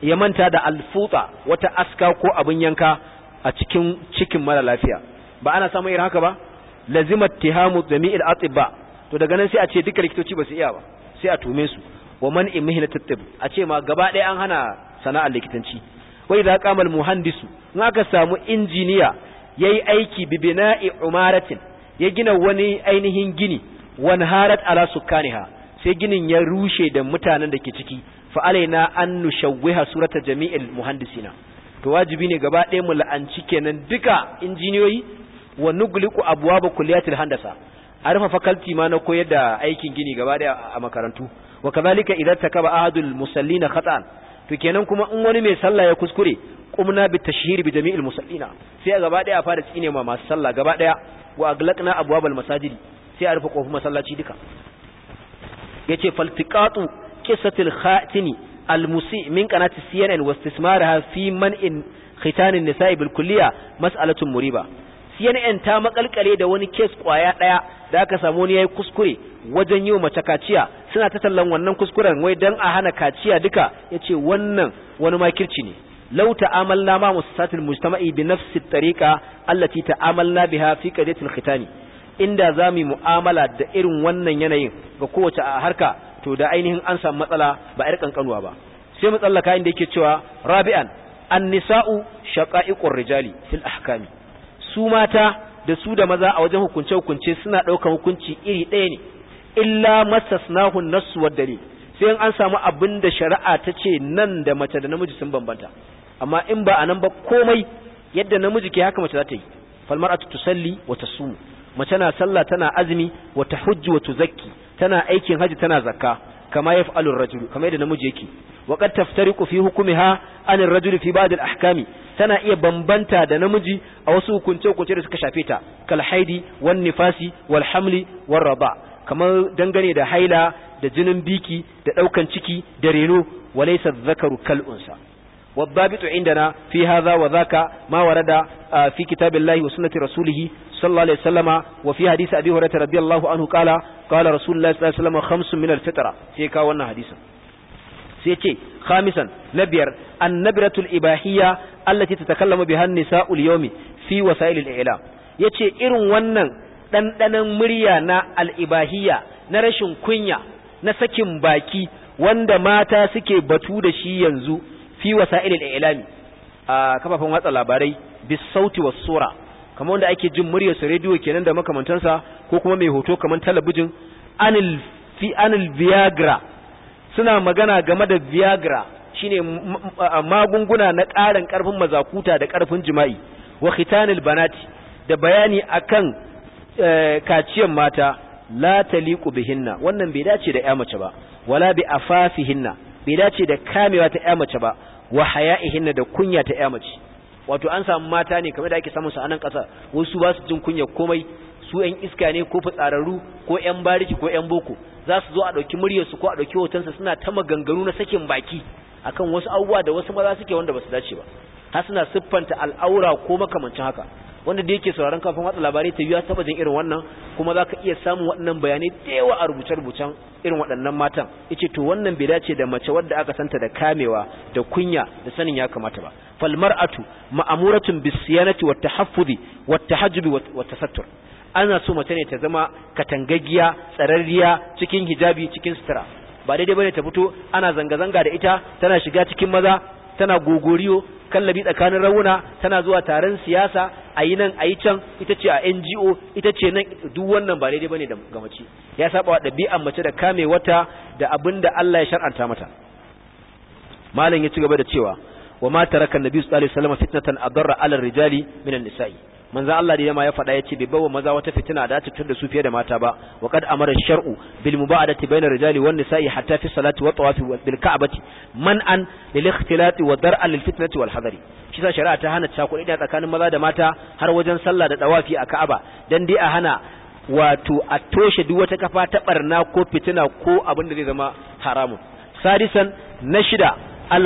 ya manta da alfutsa wata aska ko abin yanka a cikin cikin mara lafiya ba ana samun irin haka ba lazimat tihamu jami'il atibba to daga nan sai a ce duka likitoci ba su iya ba sai a tume su wa man imhina tattib a ce ma gaba ɗaya an hana sana'ar likitanci wa idza qama al muhandisu in aka samu injiniya yayi aiki bi bina'i umaratin ya gina wani ainihin gini wan harat ala sukkaniha sai ginin ya rushe da mutanen da ke ciki fa an nushawwiha surata jami'il muhandisina to wajibi ne gaba ɗaya mu la'anci kenan duka injiniyoyi wa nugliqu abwaba kulliyatil handasa a rufe fakalti ma na koyar da aikin gini gaba ɗaya a makarantu wa kazalika idan takaba ahadul musallina khata'an to kenan kuma in wani mai sallah ya kuskure Kumna bi tashhir bi jami'il musallina sai gaba ɗaya a fara tsine ma masu sallah gaba ɗaya wa aglaqna abwabal masajidi sai a rufe kofin masallaci duka yace faltiqatu قصة الخاتم المسيء من قناة CNN واستثمارها في منع ختان النساء بالكلية مسألة مريبة CNN ta makalkale da wani kes kwaya ɗaya da aka samu wani yayi kuskure wajen yi mace kaciya suna ta tallan wannan kuskuren wai dan a hana kaciya duka yace wannan wani makirci ne law ta'amalna ma musasatil mujtama'i bi nafsi tariqa allati ta'amalna biha fi qadiyatil khitani inda zamu mu'amala da irin wannan yanayin ga kowace harka to da ainihin an samu matsala ba a kankanuwa ba sai mu tsallaka inda yake cewa rabi'an an-nisa'u shaqa'iqur rijali fil ahkami su mata da su da maza a wajen hukunce hukunce suna ɗaukan hukunci iri ɗaya ne illa masasnahun nasu nass wad dalil sai an samu abin da shari'a ta ce nan da mace da namiji sun bambanta amma in ba a nan ba komai yadda namiji ke haka mace za ta yi falmar'atu tusalli wa tasum mace na sallah tana azumi wa tahujju wa tuzakki tana aikin haji tana zakka kama yaf'alu ar-rajulu kama yadda namiji yake waƙar taftari ku fi hukmiha an ar-rajuli fi ba'd da ahkami tana iya bambanta da namiji a wasu hukunce hukunce da suka shafe ta kal haidi wan nifasi wal hamli raba kamar dangane da haila da jinin biki da ɗaukan ciki da reno walaysa dhakaru kal unsa والضابط عندنا في هذا وذاك ما ورد في كتاب الله وسنة رسوله صلى الله عليه وسلم وفي حديث أبي هريرة رضي الله عنه قال قال رسول الله صلى الله عليه وسلم خمس من الفطرة سيكا ونا حديثا سيكي خامسا نبير النبرة الإباحية التي تتكلم بها النساء اليوم في وسائل الإعلام yace irin wannan ɗanɗanan murya na al'ibahiyya na rashin kunya na sakin baki wanda mata suke batu da shi yanzu fi wasa'il al-i'lami a kafafen watsa labarai bis sauti was sura kamar wanda ake jin muryar su radio kenan da makamantansa ko kuma mai hoto kamar talabijin anil fi anil viagra suna magana game da viagra shine magunguna na ƙarin ƙarfin mazakuta da ƙarfin jima'i wa khitanil banati da bayani akan e, kaciyan mata la taliqu bihinna wannan bai dace da ƴa mace ba wala bi afafihinna bai dace da kamewa ta ƴa mace ba wa haya'ihin da kunya ta ya mace wato an samu mata ne kamar da ake samun su a nan ƙasa wasu ba su jin kunya komai su ƴan iska ne ko fitsararru ko ƴan bariki ko ƴan boko za su zo a ɗauki muryarsu ko a ɗauki hotonsa suna ta maganganu na sakin baki akan wasu abubuwa da wasu maza suke wanda ba su dace ba har suna siffanta al'aura ko makamancin haka wanda da yake sauraron kafin watsa labarai ta yiwa taba jin irin wannan kuma za ka iya samun waɗannan bayanai da yawa a rubuce-rubucen irin waɗannan matan ita to wannan bai dace da mace wadda aka santa da kamewa da kunya da sanin ya kamata ba Falmar Atu, ma'amuratun bisiyanati siyanati wat wata wat tahajjubi wat tasattur ana so mace ne ta zama katangaggiya tsararriya cikin hijabi cikin sutura ba daidai bane ta fito ana zanga-zanga da ita tana shiga cikin maza tana gogoriyo kallabi tsakanin rawuna tana zuwa taron siyasa a yi nan a yi can ita ce a ngo ita ce nan duk wannan ba daidai bane ga mace ya saba wa ɗabi'an mace da kame wata da abin da Allah ya shar'anta mata malam ya ci gaba da cewa wa ma taraka nabi sallallahu alaihi wasallam fitnatan adarra ala rijali minan nisa'i manzo Allah da yamma ya faɗa yace bai bawa maza wata fitina da ta cutar da su fiye da mata ba wa qad amara shar'u bil mubadati bayna rijali wan nisa'i hatta fi salati wa tawafi wa bil ka'bati man'an lil ikhtilati wa dar'an lil fitnati wal hadari shi sa shari'a ta hana cakuɗi da tsakanin maza da mata har wajen sallah da tawafi a Ka'aba dan dai a hana wato a toshe duk wata kafa ta barna ko fitina ko abin da zai zama haramun sadisan na shida al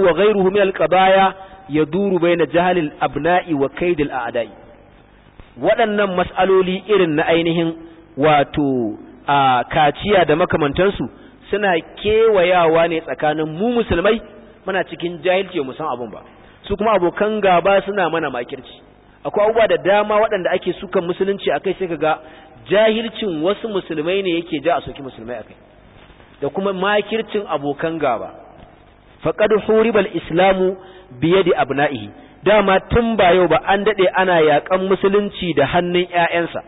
wa ghayruhu min al qadaya yaduru baina jahalil abna'i wa kaidil a'da'i waɗannan mas'aloli irin na ainihin wato a kaciya da makamantansu suna kewayawa ne tsakanin mu musulmai muna cikin jahilci mu san abun ba su kuma abokan gaba suna mana makirci akwai abubuwa da dama waɗanda ake sukan musulunci a kai sai ka ga jahilcin wasu musulmai ne yake ja a soki musulmai a kai. da kuma makircin abokan gaba faqad huribal islamu biyadi abna'ihi dama tun ba yau ba an dade ana yakan musulunci da hannun ƴaƴansa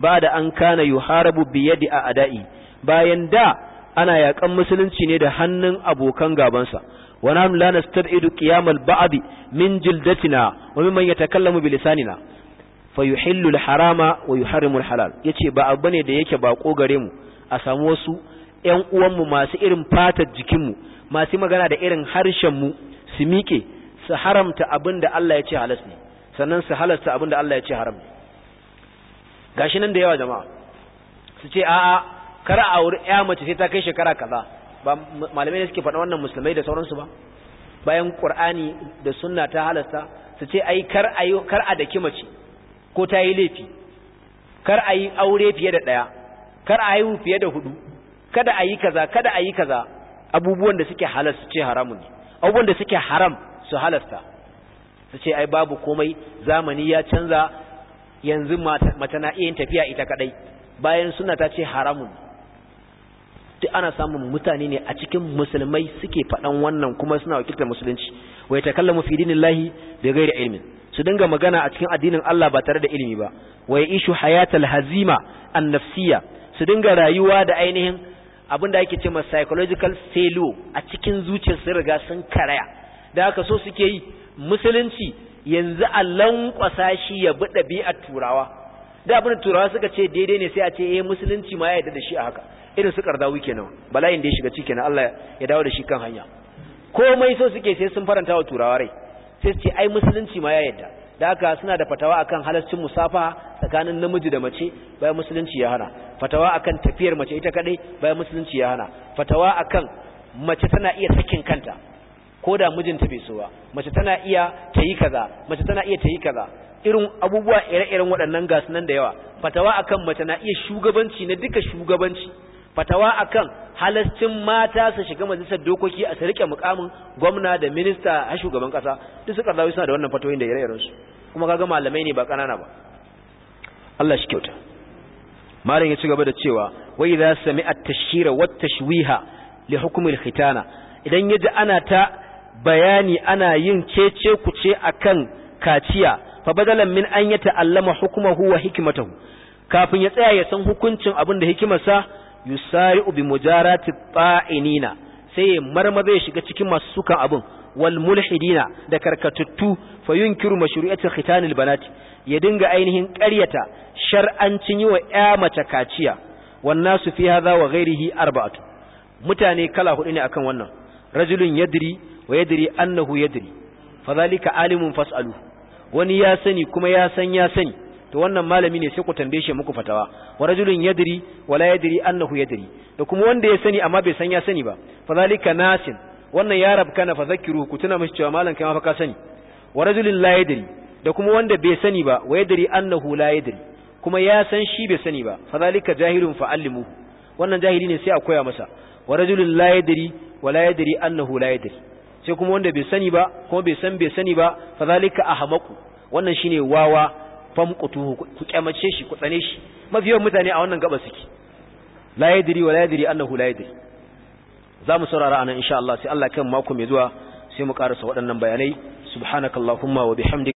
ba da an kana yuharabu biyadi a ada'i bayan da ana yakan musulunci ne da hannun abokan gabansa wa nahnu la nastad'idu qiyam al-ba'd min jildatina wa mimman yatakallamu bi lisanina fayuhillu al-harama wa yuharrimu al-halal yace ba abu ne da yake ba gare mu a samu wasu ƴan uwanmu masu irin fatar jikinmu masu magana da irin harshen mu su miƙe su haramta abin da Allah ya ce halas ne sannan su halasta abin da Allah ya ce haram ne Ga shi nan da yawa jama'a su ce a'a kar a auri ya mace sai ta kai shekara kaza ba malamai da suke faɗa wannan musulmai da sauransu ba bayan ƙur'ani da sunna ta halasta su ce ai kar a kar a daki mace ko ta yi laifi kar a yi aure fiye da ɗaya kar a haihu fiye da hudu kada a yi kaza kada a yi kaza abubuwan da suke halas ce haramun ne abubuwan da suke haram su halasta su ce ai babu komai zamani ya canza yanzu mata na iya tafiya ita kadai bayan suna ta ce haramun duk ana samun mutane ne a cikin musulmai suke faɗan wannan kuma suna wakiltar musulunci wai ta mafi fi lahi gai da ilmin su dinga magana a cikin addinin Allah ba tare da ilimi ba wai ishu hayatul hazima an nafsiya su dinga rayuwa da ainihin abinda da ake cewa psychological failure a cikin zuciyar sun riga sun karaya da aka so suke yi musulunci yanzu a lankwasa shi ya bi a turawa da abin turawa suka ce daidai ne sai a ce eh musulunci ma ya yarda da shi a haka irin su kardawi kenan bala'in da ya shiga ciki na Allah ya dawo da shi kan hanya komai so suke sai sun faranta wa turawa rai sai su ce ai musulunci ma ya yarda da haka suna da fatawa akan halaccin musafa tsakanin namiji da mace bayan musulunci ya hana fatawa akan tafiyar mace ita kadai bayan musulunci ya hana fatawa akan mace tana iya sakin kanta ko da mijinta bai so ba mace tana iya ta yi kaza mace tana iya ta yi kaza irin abubuwa ire-iren waɗannan gasu nan da yawa fatawa akan mace na iya shugabanci na duka shugabanci fatawa akan halascin mata su shiga majalisar dokoki a su mukamin gwamna da minista a shugaban kasa duk su zawo suna da wannan fatoyin da ire-iren su kuma kaga malamai ne ba kanana ba Allah shi kyauta malam ya ci gaba da cewa wai idza sami at-tashhira wat-tashwiha li hukm al-khitana idan yaji ana ta bayani ana yin cece kuce akan kaciya fa badalan min an ya ta'allama hukumahu wa hikmatahu kafin ya tsaya ya san hukuncin abin da hikimarsa yusari'u bi mujarati ta'inina sai ya marmaza ya shiga cikin masu sukan abin wal mulhidina da karkatuttu fa yunkiru mashru'ati khitanil banati ya dinga ainihin ƙaryata shar'ancin yi wa ƴa mace kaciya wannan su fi hadha wa arba'atu mutane kala hudu ne akan wannan rajulun yadri wa yadri annahu yadri fadhalika alimun fasalu wani ya sani kuma ya san ya sani to wannan malami ne sai ku tambaye shi muku fatawa wa rajulun yadri wala yadri annahu yadri da kuma wanda ya sani amma bai san ya sani ba fadhalika nasin wannan ya rabka na fadhakiru ku tuna mishi cewa malam kai ma fa ka sani wa rajulun la yadri da kuma wanda bai sani ba wa yadri annahu la yadri kuma ya san shi bai sani ba fadhalika jahilun fa'allimu wannan jahili ne sai a koya masa wa rajulun la yadri wala yadri annahu la yadri sai kuma wanda bai sani ba kuma bai san bai sani ba fa zalika ahmaqu wannan shine wawa famqutuhu ku kyamace shi ku tsane shi mafi yawan mutane a wannan gaba suke la yadri wa la yadri annahu la yadri mu saurara anan insha Allah sai Allah kan mako mai zuwa sai mu karasa waɗannan bayanai subhanakallahumma wa bihamdika